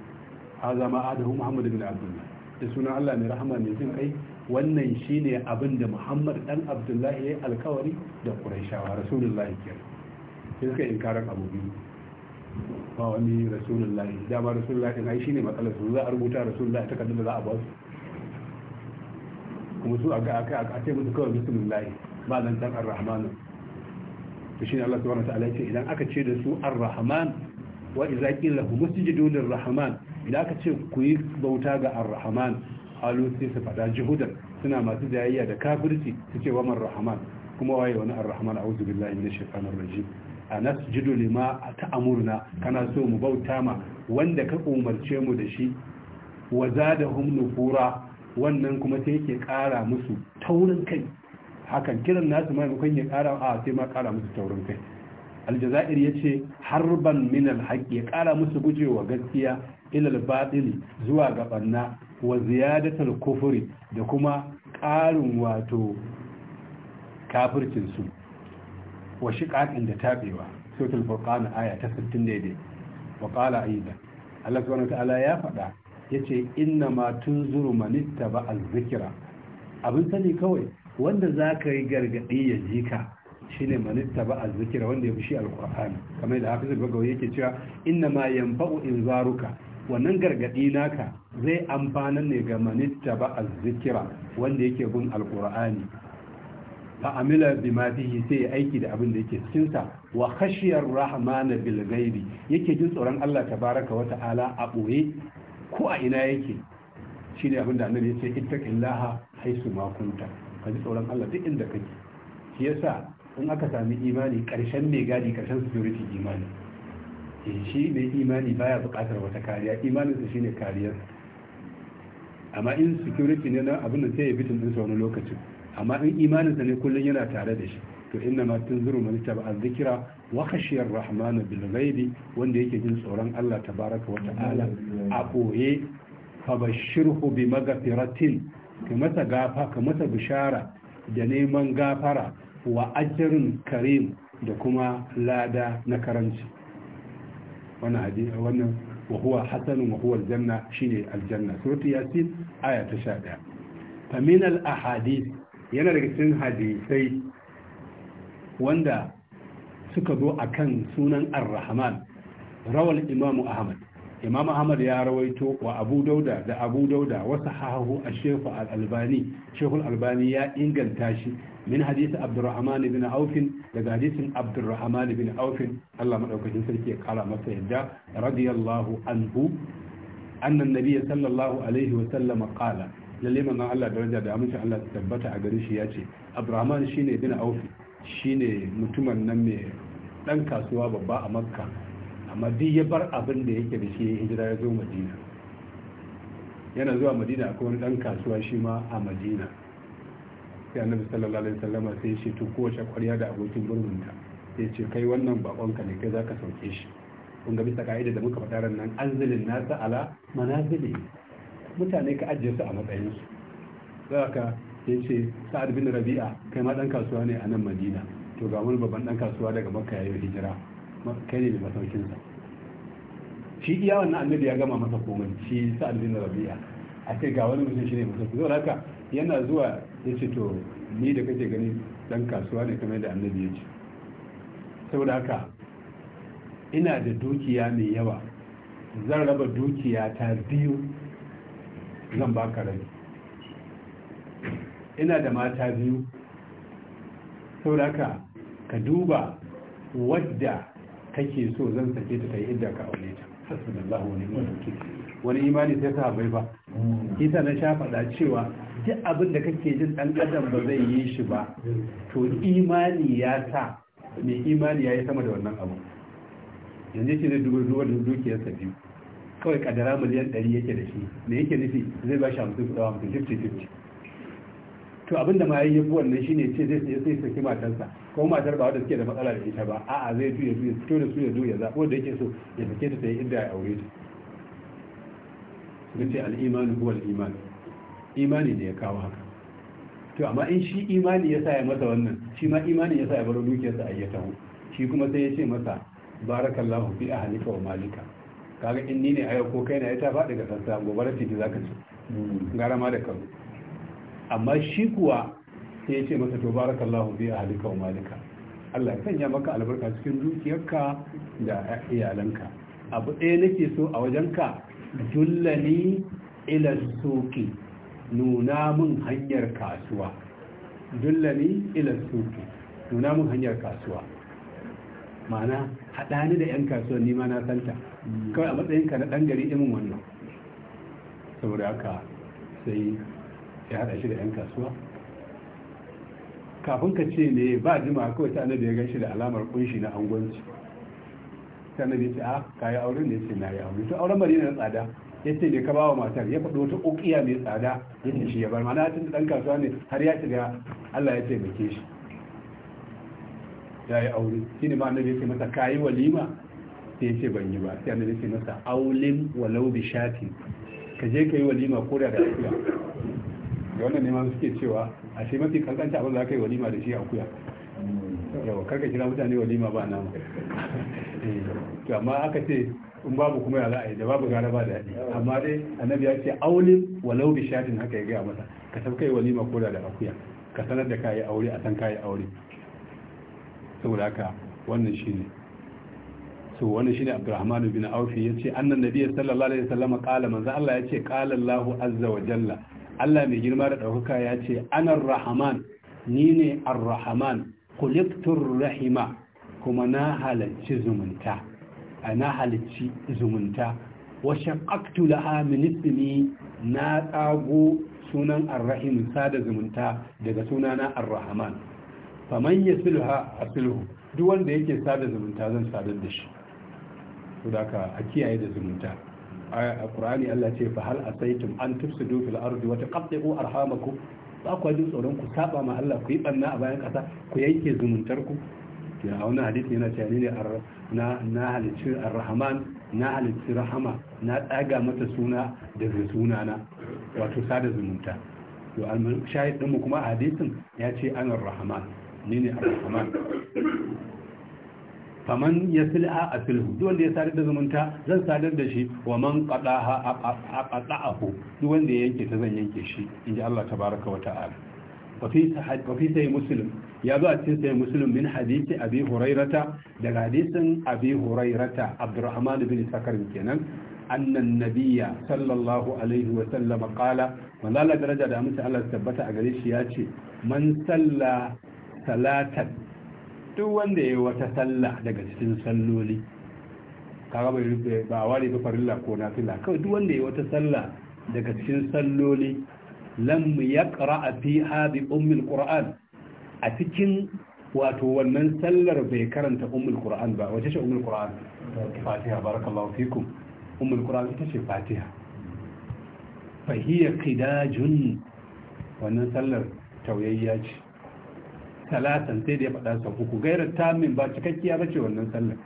haza ma adahu muhammad bin abdullah da suna Allah mai rahama mai jin kai wannan shine abin da muhammad dan abdullahi ya yi alkawari da quraishawa rasulullahi kenan sai suka inkarar abu biyu ba wani rasulullahi dama rasulullahi din ai shine matsalar su za a rubuta rasulullahi ta kaddu da za a ba su kuma su a ga aka aka ce musu kawai bismillahi ba nan dan arrahman to shine Allah subhanahu wa ta'ala ya ce idan aka ce da su arrahman wa idza qila hum musjidu lirrahman idan aka ce ku yi bauta ga ar-rahman su faɗa juhudan suna masu jayayya da kafirci su ce wa rahman kuma waye wani ar-rahman a'udhu billahi minash shaitanir rajim anasjudu lima ta'amurna kana so mu bauta ma wanda ka umarce mu da shi wa zadahum nufura wannan kuma sai yake kara musu taurin kai hakan kiran nasu maimakon ya kara a sai ma kara musu taurin kai aljazair ya ce harban min alhaq ya kara musu gujewa gaskiya ilal batili zuwa gabanna wa ziyadatar kufri da kuma ƙarin wato kafircin su wa shiqaqin da tabewa suratul furqan aya ta 60 daidai wa qala aidan Allah subhanahu wa ta'ala ya faɗa yace inna ma tunzuru man ittaba az-zikra abin sani kawai wanda zaka yi gargadi ya jika shine man ittaba az-zikra wanda ya fi shi al-qur'ani kamar da hafiz al yake cewa inna ma yanfa'u inzaruka wannan gargadi naka zai amfana ne ga manitta ba a zikira wanda yake bin alkur'ani fa amila bi ma fihi sai aiki da abin da yake cikin sa wa khashiyar rahmana bil ghaibi yake jin tsoron Allah tabaraka wa ta'ala a boye ko a ina yake shine abin da annabi yace ittaqillaha haisu ma kunta ka ji tsoron Allah duk inda kake shi yasa in aka sami imani karshen mai gadi karshen security imani Eh, shi mai imani baya bukatar wata kariya imaninsa shine kariyar amma in security ne na abin da sai ya bitin din wani lokacin amma in imanin sa ne kullum yana tare da shi to inna ma tunziru man taba'a dhikra wa khashiyar rahman bil ghaibi wanda yake jin tsoron Allah tabaraka wa ta'ala a boye bashirhu bi magfiratin ka masa gafa ka masa bishara da neman gafara wa ajrin karim da kuma lada na karanci wannan hadi wannan wa huwa hasanun wa huwa aljanna shine aljanna surat yasin aya ta 11 fa al ahadith yana daga cikin hadisai wanda suka zo akan sunan ar-rahman rawal imam ahmad imam ahmad ya rawaito wa abu dauda da abu dauda wa sahahu a shaykh al-albani ya inganta shi min hadisi abdurrahman ibn aufin daga hadisin abdurrahman ibn aufin Allah madaukakin sarki ya kara masa yadda radiyallahu anhu annan nabiy sallallahu alaihi wa sallam qala lalle manzon Allah daraja da amincin Allah ta tabbata a gare shi yace abdurrahman shine ibn aufi shine mutumin nan mai dan kasuwa babba a makka amma duk ya bar abin da yake da shi ya hijira ya zo madina yana zuwa madina akwai wani dan kasuwa shi ma a madina sai annabi sallallahu alaihi wasallama sai ya ce to kowace kwarya da abokin burbunta sai ce kai wannan bakonka ne kai zaka sauke shi kun ga bisa ka'ida da muka faɗa ran nan anzilin nasa ala manazili mutane ka ajiye su a matsayin su zaka sai ce sa'ad bin rabi'a kai ma dan kasuwa ne a nan madina to ga wani babban dan kasuwa daga makka yayin hijira kai ne mai masaukin sa shi iya wannan annabi ya gama masa komai shi sa'ad bin rabi'a a ce ga wani mutum shi ne masaukin zai haka yana zuwa ya ce to ni da kake gani dan kasuwa ne kamar da annabi ya ce saboda haka ina da dukiya mai yawa zan raba dukiya ta biyu zan baka rai ina da mata biyu saboda haka ka duba wadda kake so zan sake ta kai idda ka aure ta sallallahu wani imani sai haɓai ba ita na sha faɗa cewa duk abin da kake jin ɗan adam ba zai yi shi ba to imani ya sa mai imani ya yi sama da wannan abu yanzu ce zai dubu duwar dukiyarsa biyu kawai kadara miliyan ɗari yake da shi me yake nufi zai ba shi hamsin kuɗa hamsin fifty fifty to abin da ma ya yi wannan shine ce zai sai sai saki matarsa ko matar ba wanda suke da matsala da ita ba a'a zai tuya tuya fito da su ya zo ya zaɓo da yake so ya sake ta ta yi inda ya aure ta suka ce al'imanu huwa al'imanu imani ne ya kawo haka to amma in shi imani ya sa ya masa wannan shi ma imani ya sa ya baro dukiyarsa a ya shi kuma sai ya ce masa barakallahu fi ahlika wa malika kaga in ni ne a yau ko kai na ya ta faɗi ga kansa gobara za zaka ci gara ma da karo amma shi kuwa sai ya ce masa to barakallahu fi ahlika wa malika Allah ya sanya maka albarka cikin dukiyarka da iyalanka abu ɗaya nake so a wajenka jullani ila suki nuna mun hanyar kasuwa jullani ila suki nuna mun hanyar kasuwa ma'ana haɗani da 'yan kasuwa ni ma na santa kawai a matsayin ka na ɗan gari imin wannan saboda haka sai ya haɗa shi da 'yan kasuwa kafin ka ce ne ba jima kawai ta da ya gan shi da alamar kunshi na angonci sai annabi ya ce a ah, kayi aure ne sai na yi aure to auren madina na tsada yace ne ka wa matar ya faɗo ta ukiya mai tsada yace shi ya bar mana tun dan kasuwa ne har ya shiga Allah ya taimake shi ya yi aure shine ma annabi ya ce masa kayi walima sai ya ce ban yi ba sai annabi ya ce masa aulin walau bi shafi ka je ka yi walima ko da da akuya da wannan neman suke cewa a shi mafi kankanta abin za ka yi walima da shi akuya yawa karka kira mutane walima ba nama to amma aka ce in babu kuma yala za da babu gara ba daɗi amma dai annabi ya ce aulin walau bi shatin haka ya gaya masa ka san kai walima ko da akuya ka sanar da kayi aure a san kayi aure saboda haka wannan shine so wannan shine Abdurrahman bin Auf yace annan nabi sallallahu alaihi wasallam qala manzo Allah ya ce qala allahu azza wa jalla Allah mai girma da daukaka yace anar rahman ni ne ar-rahman khuliqtur rahima kuma na halarci zumunta na halarci zumunta washe ƙaktu minisini na tsago sunan arrahim sada zumunta daga sunana arrahaman faman ya sulha a sulhu duk wanda yake sada zumunta zan sadar da shi su da ka a kiyaye da zumunta a ƙur'ani allah ce fa hal asaitum an tufsidu fil ardi wa taqattu arhamakum ba ku jin tsoron ku saba ma allah ku yi banna a bayan ƙasa ku yanke zumuntar ku a wani hadisi yana cewa ne na na halicci ar na halicci rahama na tsaga mata suna daga sunana wato sada zumunta to shahid din mu kuma hadithin ya ce an ar ni ne ar-rahman faman ya sil'a a filhu duk wanda ya sadar da zumunta zan sadar da shi wa man qadaha a qada'ahu duk wanda ya yanke ta zan yanke shi inji Allah tabaraka wa ta'ala وفي سي مسلم يا بأتين سي مسلم من حديث أبي هريرة دل حديث أبي هريرة عبد الرحمن بن سكر كنان أن النبي صلى الله عليه وسلم قال من لا درجة دامس على الثبت أقريش ياتي من صلى صلاة تون دي وتسلى دقشتين صلولي kaga bai rufe ba ware ba farilla ko nafila kawai duk wanda ya wata sallah daga cikin salloli لم يقرأ فيها بأم القرآن أتكن واتو ومن سلر بيكرن أم القرآن بقى وجيش أم القرآن فاتحة بارك الله فيكم أم القرآن تشي فاتحة فهي قداج ومن سلر توييج ثلاثا سيدي قد أسوفوك غير التامين من باتك كي ومن سلر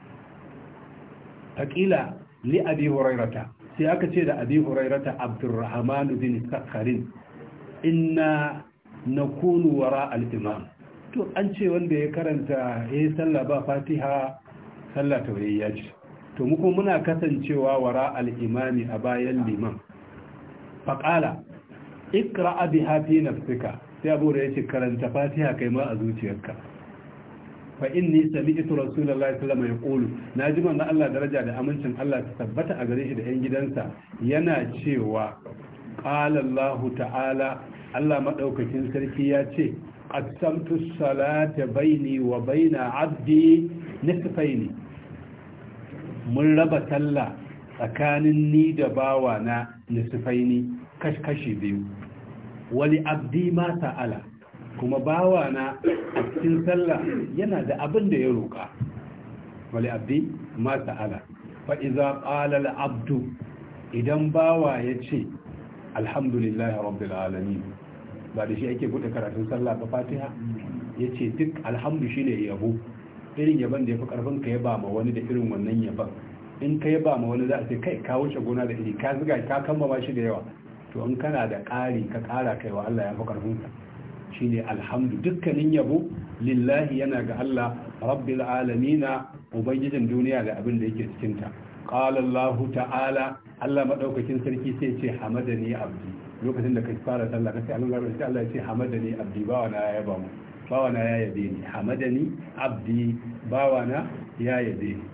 فكيلا لأبي هريرة سيأكد أبي هريرة عبد الرحمن بن سخرين inna na kunu wara al'imam to an ce wanda ya karanta ya yi sallah ba fatiha sallah taurari ya ce to muku muna kasancewa wara al'imami a bayan liman faƙala ikra abi hafi nafsika sai abu da ya ce karanta fatiha kai ma a zuciyarka fa ito sami'tu rasulullahi sallallahu ya wasallam na ji manzon Allah daraja da amincin Allah ta tabbata a gare shi da 'yan gidansa yana cewa ƙalallahu ta'ala Allah maɗaukakin sarki ya ce aqsamtu salata baini wa baina abdi nisfaini mun raba sallah tsakanin ni da bawa na nisfaini kashi biyu Wani abdi ma sa'ala. kuma bawa na cikin sallah yana da abin da ya roƙa Wani abdi ma sa'ala. fa iza abdu idan bawa ya ce, alhamdulillahi rabbil alamin ba da shi ake buɗe karatun sallah ba fatiha ya ce duk alhamdu shi ne yabo irin yaban da ya fi karfin ka ba ma wani da irin wannan yaban in ka ba ma wani za a ce kai ka wuce gona da iri ka zuga ka kambama shi da yawa to in kana da ƙari ka ƙara kai wa Allah ya fi karfin ka ne alhamdu dukkanin yabo lillahi yana ga Allah rabbil alamina ubangijin duniya da abin da yake cikinta ta qala ta'ala Allah madaukakin sarki sai ce hamadani abdi lokacin da ka fara sallah ka ce Allah ya Allah ya ce hamadani abdi bawana ya yaba mu bawa ya yabe ni hamadani abdi bawana ya yabe ni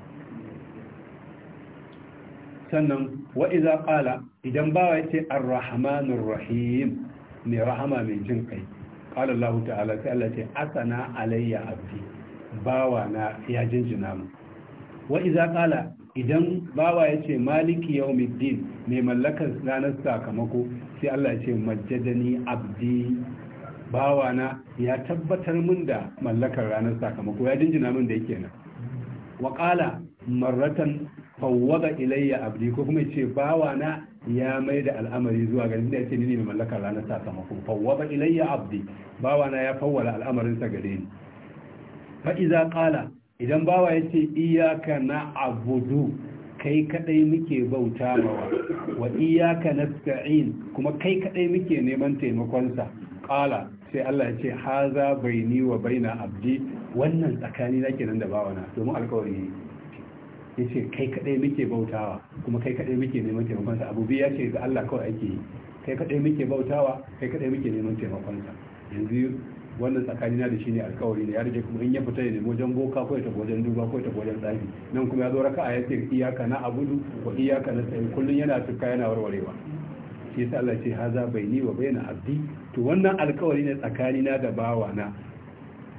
sannan wa iza qala idan bawa ya ce arrahmanur rahim ne rahama mai jin kai qala Allah ta'ala sai Allah ya ce asana alayya abdi bawana ya jinjina mu wa iza qala idan bawa ya ce maliki yau middin mai mallakar ranar sakamako sai Allah ya ce majjadani abdi bawana ya tabbatar min da mallakar ranar sakamako ya jinjina min da yake nan wa qala marratan fawwada ilayya abdi ko kuma ce bawana ya mai da al'amari zuwa gare ni da yake ni ne mallakar ranar sakamako fawwada ilayya abdi bawana ya fawwala al'amarin sa gare ni fa iza qala idan bawa yace iyyaka abudu. kai kadai muke bauta mawa wa iyyaka nasta'in kuma kai kadai muke neman taimakonsa qala sai Allah ya ce haza baini wa baina abdi wannan tsakani na kenan da bawana domin alkawari ne yace kai kadai muke bautawa kuma kai kadai muke neman taimakonsa abu biya ce ga Allah kawai ake kai kadai muke bautawa kai kadai muke neman taimakonsa yanzu wannan tsakanina da shi ne alkawari ne ya rike kuma in ya fita ya nemi wajen boka ko ya tafi wajen duba ko ya tafi wajen tsafi nan kuma ya zo raka a yace iyaka na abudu ko iyaka na tsayi kullun yana tuka yana warwarewa shi yasa Allah ce haza baini wa baina abdi to wannan alkawari ne tsakanina da bawana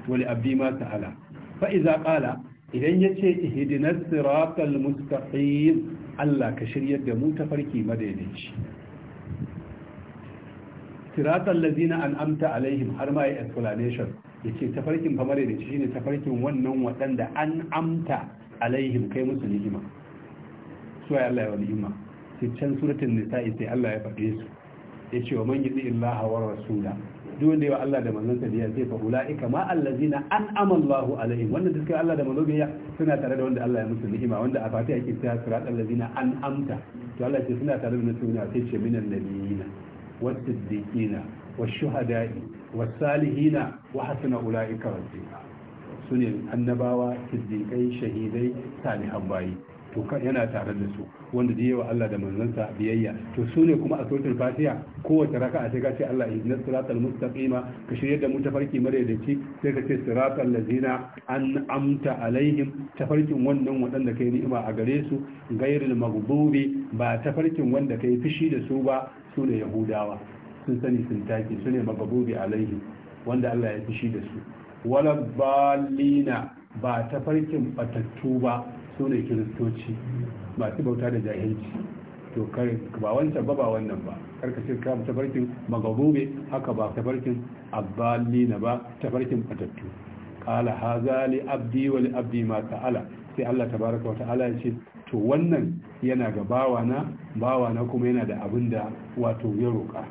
wal abdi ma ta'ala fa iza qala idan yace ihdinas siratal mustaqim Allah ka shiryar da mu tafarki madaidaici siratan lazina an amta alaihim har ma explanation ya ce tafarkin fa yadda da shi ne tafarkin wannan waɗanda an amta alaihim kai musu ni'ima su ya Allah ya wani ima. sai can suratul nisa sai Allah ya faɗe su ya ce wa man yudi illaha wa rasula duk wanda wa Allah da manzon tabiya zai fa ulaika ma allazina an Allahu alaihim wanda suka Allah da manzon biya suna tare da wanda Allah ya musu ni'ima wanda a fatiha yake cewa siratal lazina an amta to Allah ya ce suna tare da mutuna sai ce minan nabiyina والصديقين والشهداء والصالحين وحسن أولئك رفيقا سنين النباوة صديقي شهيدي صالحا باي to yana tare da su wanda da yawa Allah da manzansa biyayya to su ne kuma a sautin fatiha kowace raka'a sai ka ce Allah ihdina siratal mustaqima ka shirya da mu tafarki madaidaici sai ka ce siratal ladzina an'amta alaihim tafarkin wannan wadanda kai ni'ima a gare su gairil maghdubi ba tafarkin wanda kai fishi da su ba su ne yahudawa sun sani sun take su ne maghdubi alaihim wanda Allah ya fishi da su wala balina ba tafarkin batattu ba su ne kiristoci masu bauta da jahilci to kai ba wancan ba ba wannan ba karka ce ka tafarkin magabube haka ba tafarkin abbali na ba tafarkin fatattu qala haza li abdi wa abdi ma ta'ala sai Allah tabaraka wa ta'ala ya ce to wannan yana ga bawana bawana kuma yana da abin da wato ya roƙa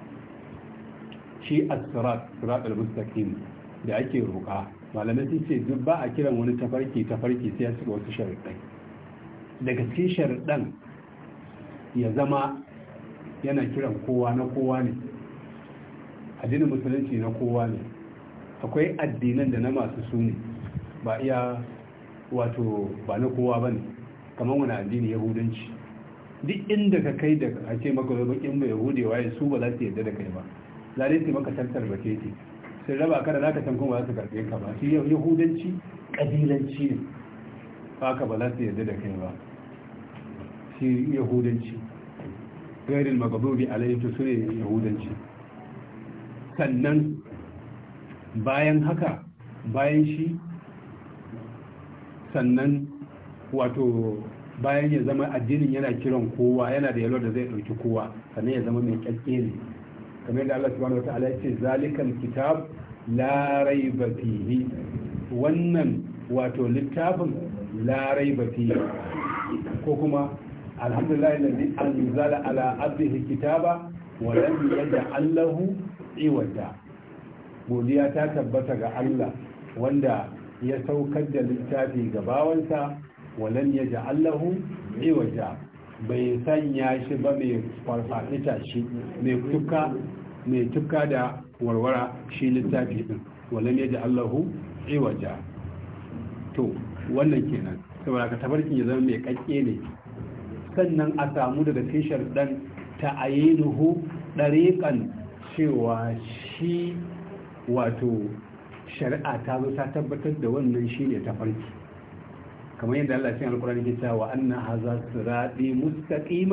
shi as-sirat sirat al-mustaqim da ake roƙa malamai sun ce duk ba a kiran wani tafarki tafarki sai ya shiga wasu sharaɗai daga tishar ɗan ya zama yana kiran kowa na kowa ne addinin musulunci na kowa ne akwai addinan da na masu su ne ba iya wato ba na kowa ba ne kamar wani addini yahudanci duk inda ka kai da a ce maka zama in mai yahudi waye su ba za su yadda da kai ba za dai su maka tantar ba ke ce sai raba ka da ka san kuma za su karfe ka ba shi yahudanci kabilanci ne ba ka ba za su yadda da kai ba yahudanci gairin magabobi alayhi yahudanci sannan bayan haka bayan shi sannan wato bayan ya zama addinin yana kiran kowa yana da yalwar da zai ɗauki kowa sannan ya zama mai ƙyaƙƙe ne kamar yadda Allah subhanahu wataala ya ce zalikal kitab la raiba fihi wannan wato littafin la raiba fihi ko kuma alhamdulillah alladhi anzala ala abdihi kitaba wa lam yaj'al lahu iwaja godiya ta tabbata ga Allah wanda ya saukar da littafi ga bawansa wa lam yaj'al lahu iwaja bai sanya shi ba mai farfadita shi mai tuka mai tuka da warwara shi littafi din walam yaji Allahu iwaja to wannan kenan saboda ka tabarkin ya zama mai kakke ne sannan a samu daga cikin sharɗan ta'ayinuhu ɗariƙan cewa shi wato shari'a ta zo ta tabbatar da wannan shi ne ta farki kamar yadda Allah cikin alkurani ke cewa na haza sirati bi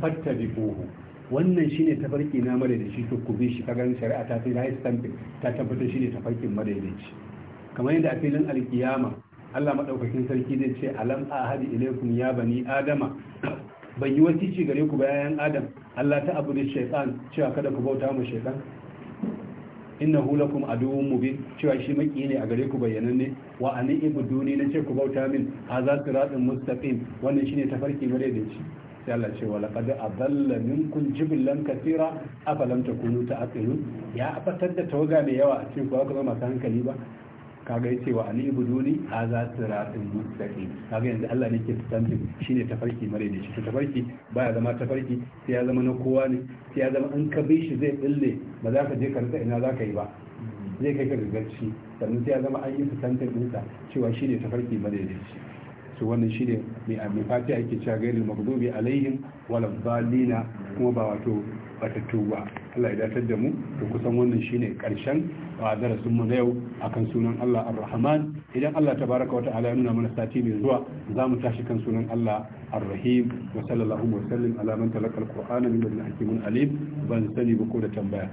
fattabi'uhu wannan shi ne ta farki na madaidaici to ku bi shi ka ganin shari'a ta fi ta tabbatar ta tabbatar ta tafarkin madaidaici kamar yadda a filin alkiyama Allah maɗaukakin sarki zai ce alam ahadi ilaikum ya bani adama ban yi wasici gare ku bayan adam Allah ta abu da shaytan cewa kada ku bauta mu shaytan innahu a aduwwun mubin cewa shi maki ne a gare ku ne. wa an na ce ku bauta min su raɗin mustaqim wannan shine tafarki madaidaici sai Allah ce wala qad adalla minkum jibilan katira afalam takunu ta'qilun ya fatar da tawaga mai yawa a cikin kuwa kuma masu hankali ba kaga yace wa ani ibuduni hadha siratun mustaqim kaga yanzu Allah ne ke shi shine tafarki mare da shi tafarki baya zama tafarki sai ya zama na kowa ne sai ya zama an ka bi shi zai dille ba za ka je ka rika ina za ka yi ba zai kai ka shi. sannan sai ya zama an yi tantance ɗinsa cewa shine tafarki mare da shi to wannan shine mai abin fati ake cewa gairil maghdubi alaihim wal dhalina kuma ba wato batattu ba Allah ya datar da mu to kusan wannan shine karshen darasin mu na yau akan sunan Allah Ar-Rahman idan Allah tabaraka wa ta'ala ya nuna mana sati mai zuwa za mu tashi kan sunan Allah Ar-Rahim wa sallallahu wa sallim ala man talaqa al-Qur'ana min alim ban sani ba ko da tambaya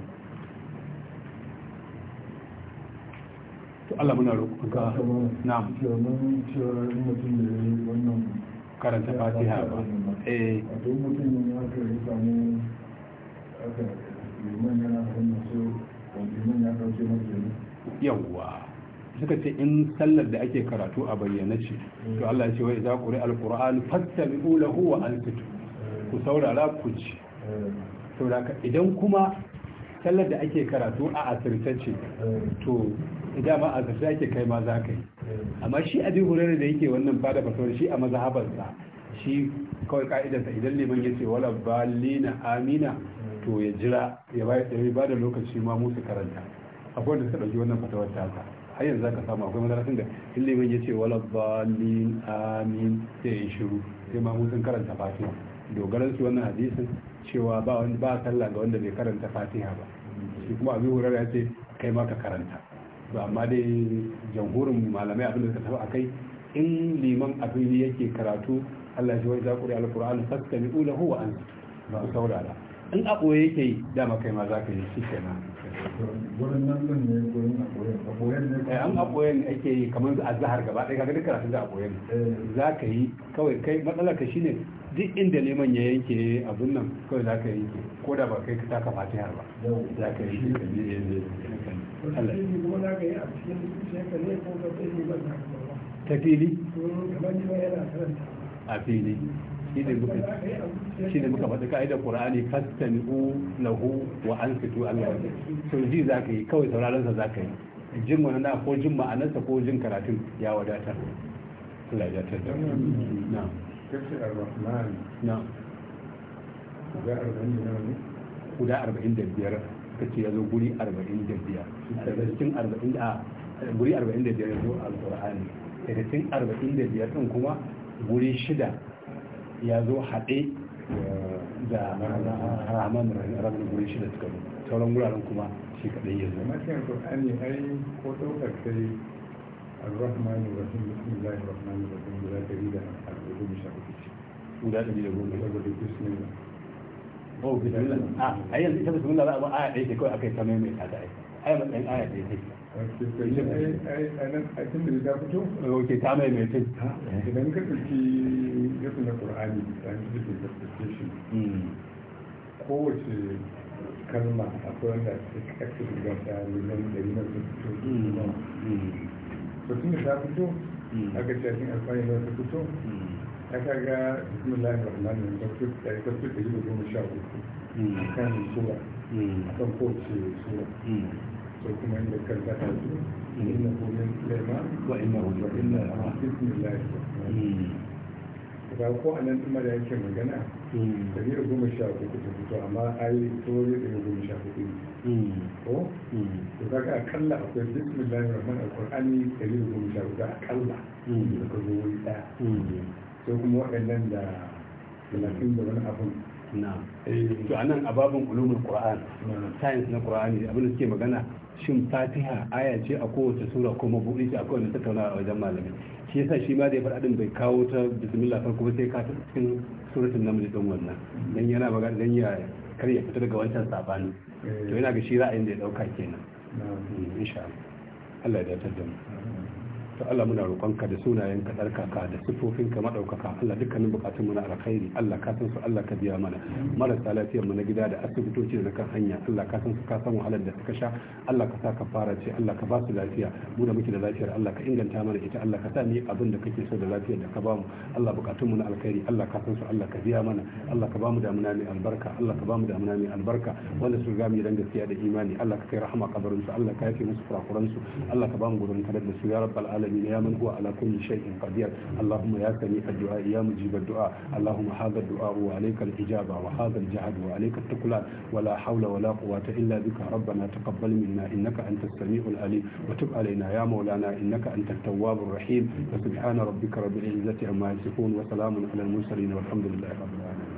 to Allah muna roƙonka karanta fatiha ba suka ce in sallar da ake karatu a bayyana ce to Allah ya ce wai za ku ri alqur'an fattabi'u lahu wa ansitu eh. ku saurara ku ci eh. saboda idan kuma sallar da ake karatu a asirtacce to a asirce ake kai ma za ka yi amma shi abin hurare da yake wannan da fasawar shi a mazhabansa shi kawai ka'idarsa idan liman ya ce wala balina amina to ya jira ya ba da lokaci ma musu karanta akwai wanda suka ɗauki wannan ta ka har yanzu za ka samu akwai madarasin da in liman yace wala balin amin sai ya shiru sai ma musu karanta fatiha dogaran su wannan hadisin cewa ba wani ba sallah ga wanda bai karanta fatiha ba shi kuma abu hurar ya ce kai ma ka karanta ba amma dai jamhurin malamai abin da suka tafi akai in liman abin yake karatu Allah shi wai za ku alqur'an fastami'u lahu wa an ba saurara in a yake dama kai ma za ka yi shi kenan Eh, an aboyen ake yi kamar a zahar gaba ɗaya kaga duk karatun da aboyen eh. za ka yi kawai kai matsalar ka shine duk inda neman ya yanke abin nan kawai za ka yanke ko da ba kai ka taka fatiha ba za ka eh, yanke ka ne yanzu Allah ya ta fili hmm, a fili shi ne muka shi ne muka faɗi ka'idar qur'ani fastami'u lahu wa ansitu Allah to ji zaka yi kawai sauraron sa zaka yi jin wannan ko jin ma'anarsa ko jin karatun ya wadata. Allah ya na'am ar-rahman na'am guda kace ya zo guri daga cikin arba'in da guri kuma guri shida ya zo haɗe eh, da rahman rahman guri shi da suka zo sauran wuraren kuma shi kaɗai ya zo mafiyan qur'ani ai ko ɗaukar sai ar-rahman ar-rahim bismillahir rahmanir rahim guda ɗari da arba'in sha hudu ce guda ɗari da goma sha hudu bismillah oh a ah, yanzu ita bismillah za a aya ɗaya ce yi ta ta ai aya matsayin aya Eh, eh, eh, ok ta mai mai idan ka ɗauki yasin na ƙur'ani scientific interpretation hmm. kowace kalma akwai wanda ake ƙarfi da ta miliyan da yi na fito hmm. Hmm. tun da ta fito aka ce cikin na ta fito aka ga ta fito ta yi ta da yi da goma sha uku kan sura kan kowace sura وكما عند الكلبات إنه من سليمان وإنه وإنه بسم الله ga ko a nan da yake magana da biyar goma sha uku ta fito a yi tsori da biyar goma sha ko to kaga akalla akwai bismillahir rahmanir rahim da biyar goma sha uku akalla da ka zo wuri daya kuma waɗannan da talatin da wani abun na qur'ani abin da magana shin fatiha aya ce a kowace sura kuma buɗe ce a kowane tattauna a wajen malami shi yasa shi ma da ya faɗa bai kawo ta bismillah farko ba sai ka ta cikin suratul da din wannan dan yana magana dan ya kar ya fita daga wancan sabani to yana eh. ga shi ra'ayin da ya dauka kenan hmm, insha Allah Allah ya dace da mu to Allah muna roƙonka da sunayen ka tsarkaka da sifofin ka madaukaka Allah dukkanin bukatun mu na alkhairi Allah ka san su Allah ka biya mana marasa lafiyar mu na gida da asibitoci da kan hanya Allah ka san su ka san wahalar da suka sha Allah ka sa ka fara ce Allah ka ba su lafiya mu da muke da lafiyar Allah ka inganta mana ita Allah ka sa ni abin da kake so da lafiyar da ka ba mu Allah bukatun mu na alkhairi Allah ka san su Allah ka biya mana Allah ka ba mu damuna mai albarka Allah ka ba mu damuna mai albarka wanda su gami dan gaskiya da imani Allah ka kai rahama kabarin su Allah ka yafe musu kurakuran su Allah ka ba mu gurin kadar da su ya rabbal alamin العالمين يا من هو على كل شيء قدير اللهم يا سميع الدعاء يا مجيب الدعاء اللهم هذا الدعاء وعليك الإجابة وهذا الجهد وعليك التكلان ولا حول ولا قوة إلا بك ربنا تقبل منا إنك أنت السميع العليم وتب علينا يا مولانا إنك أنت التواب الرحيم وسبحان ربك رب العزة عما يصفون وسلام على المرسلين والحمد لله رب العالمين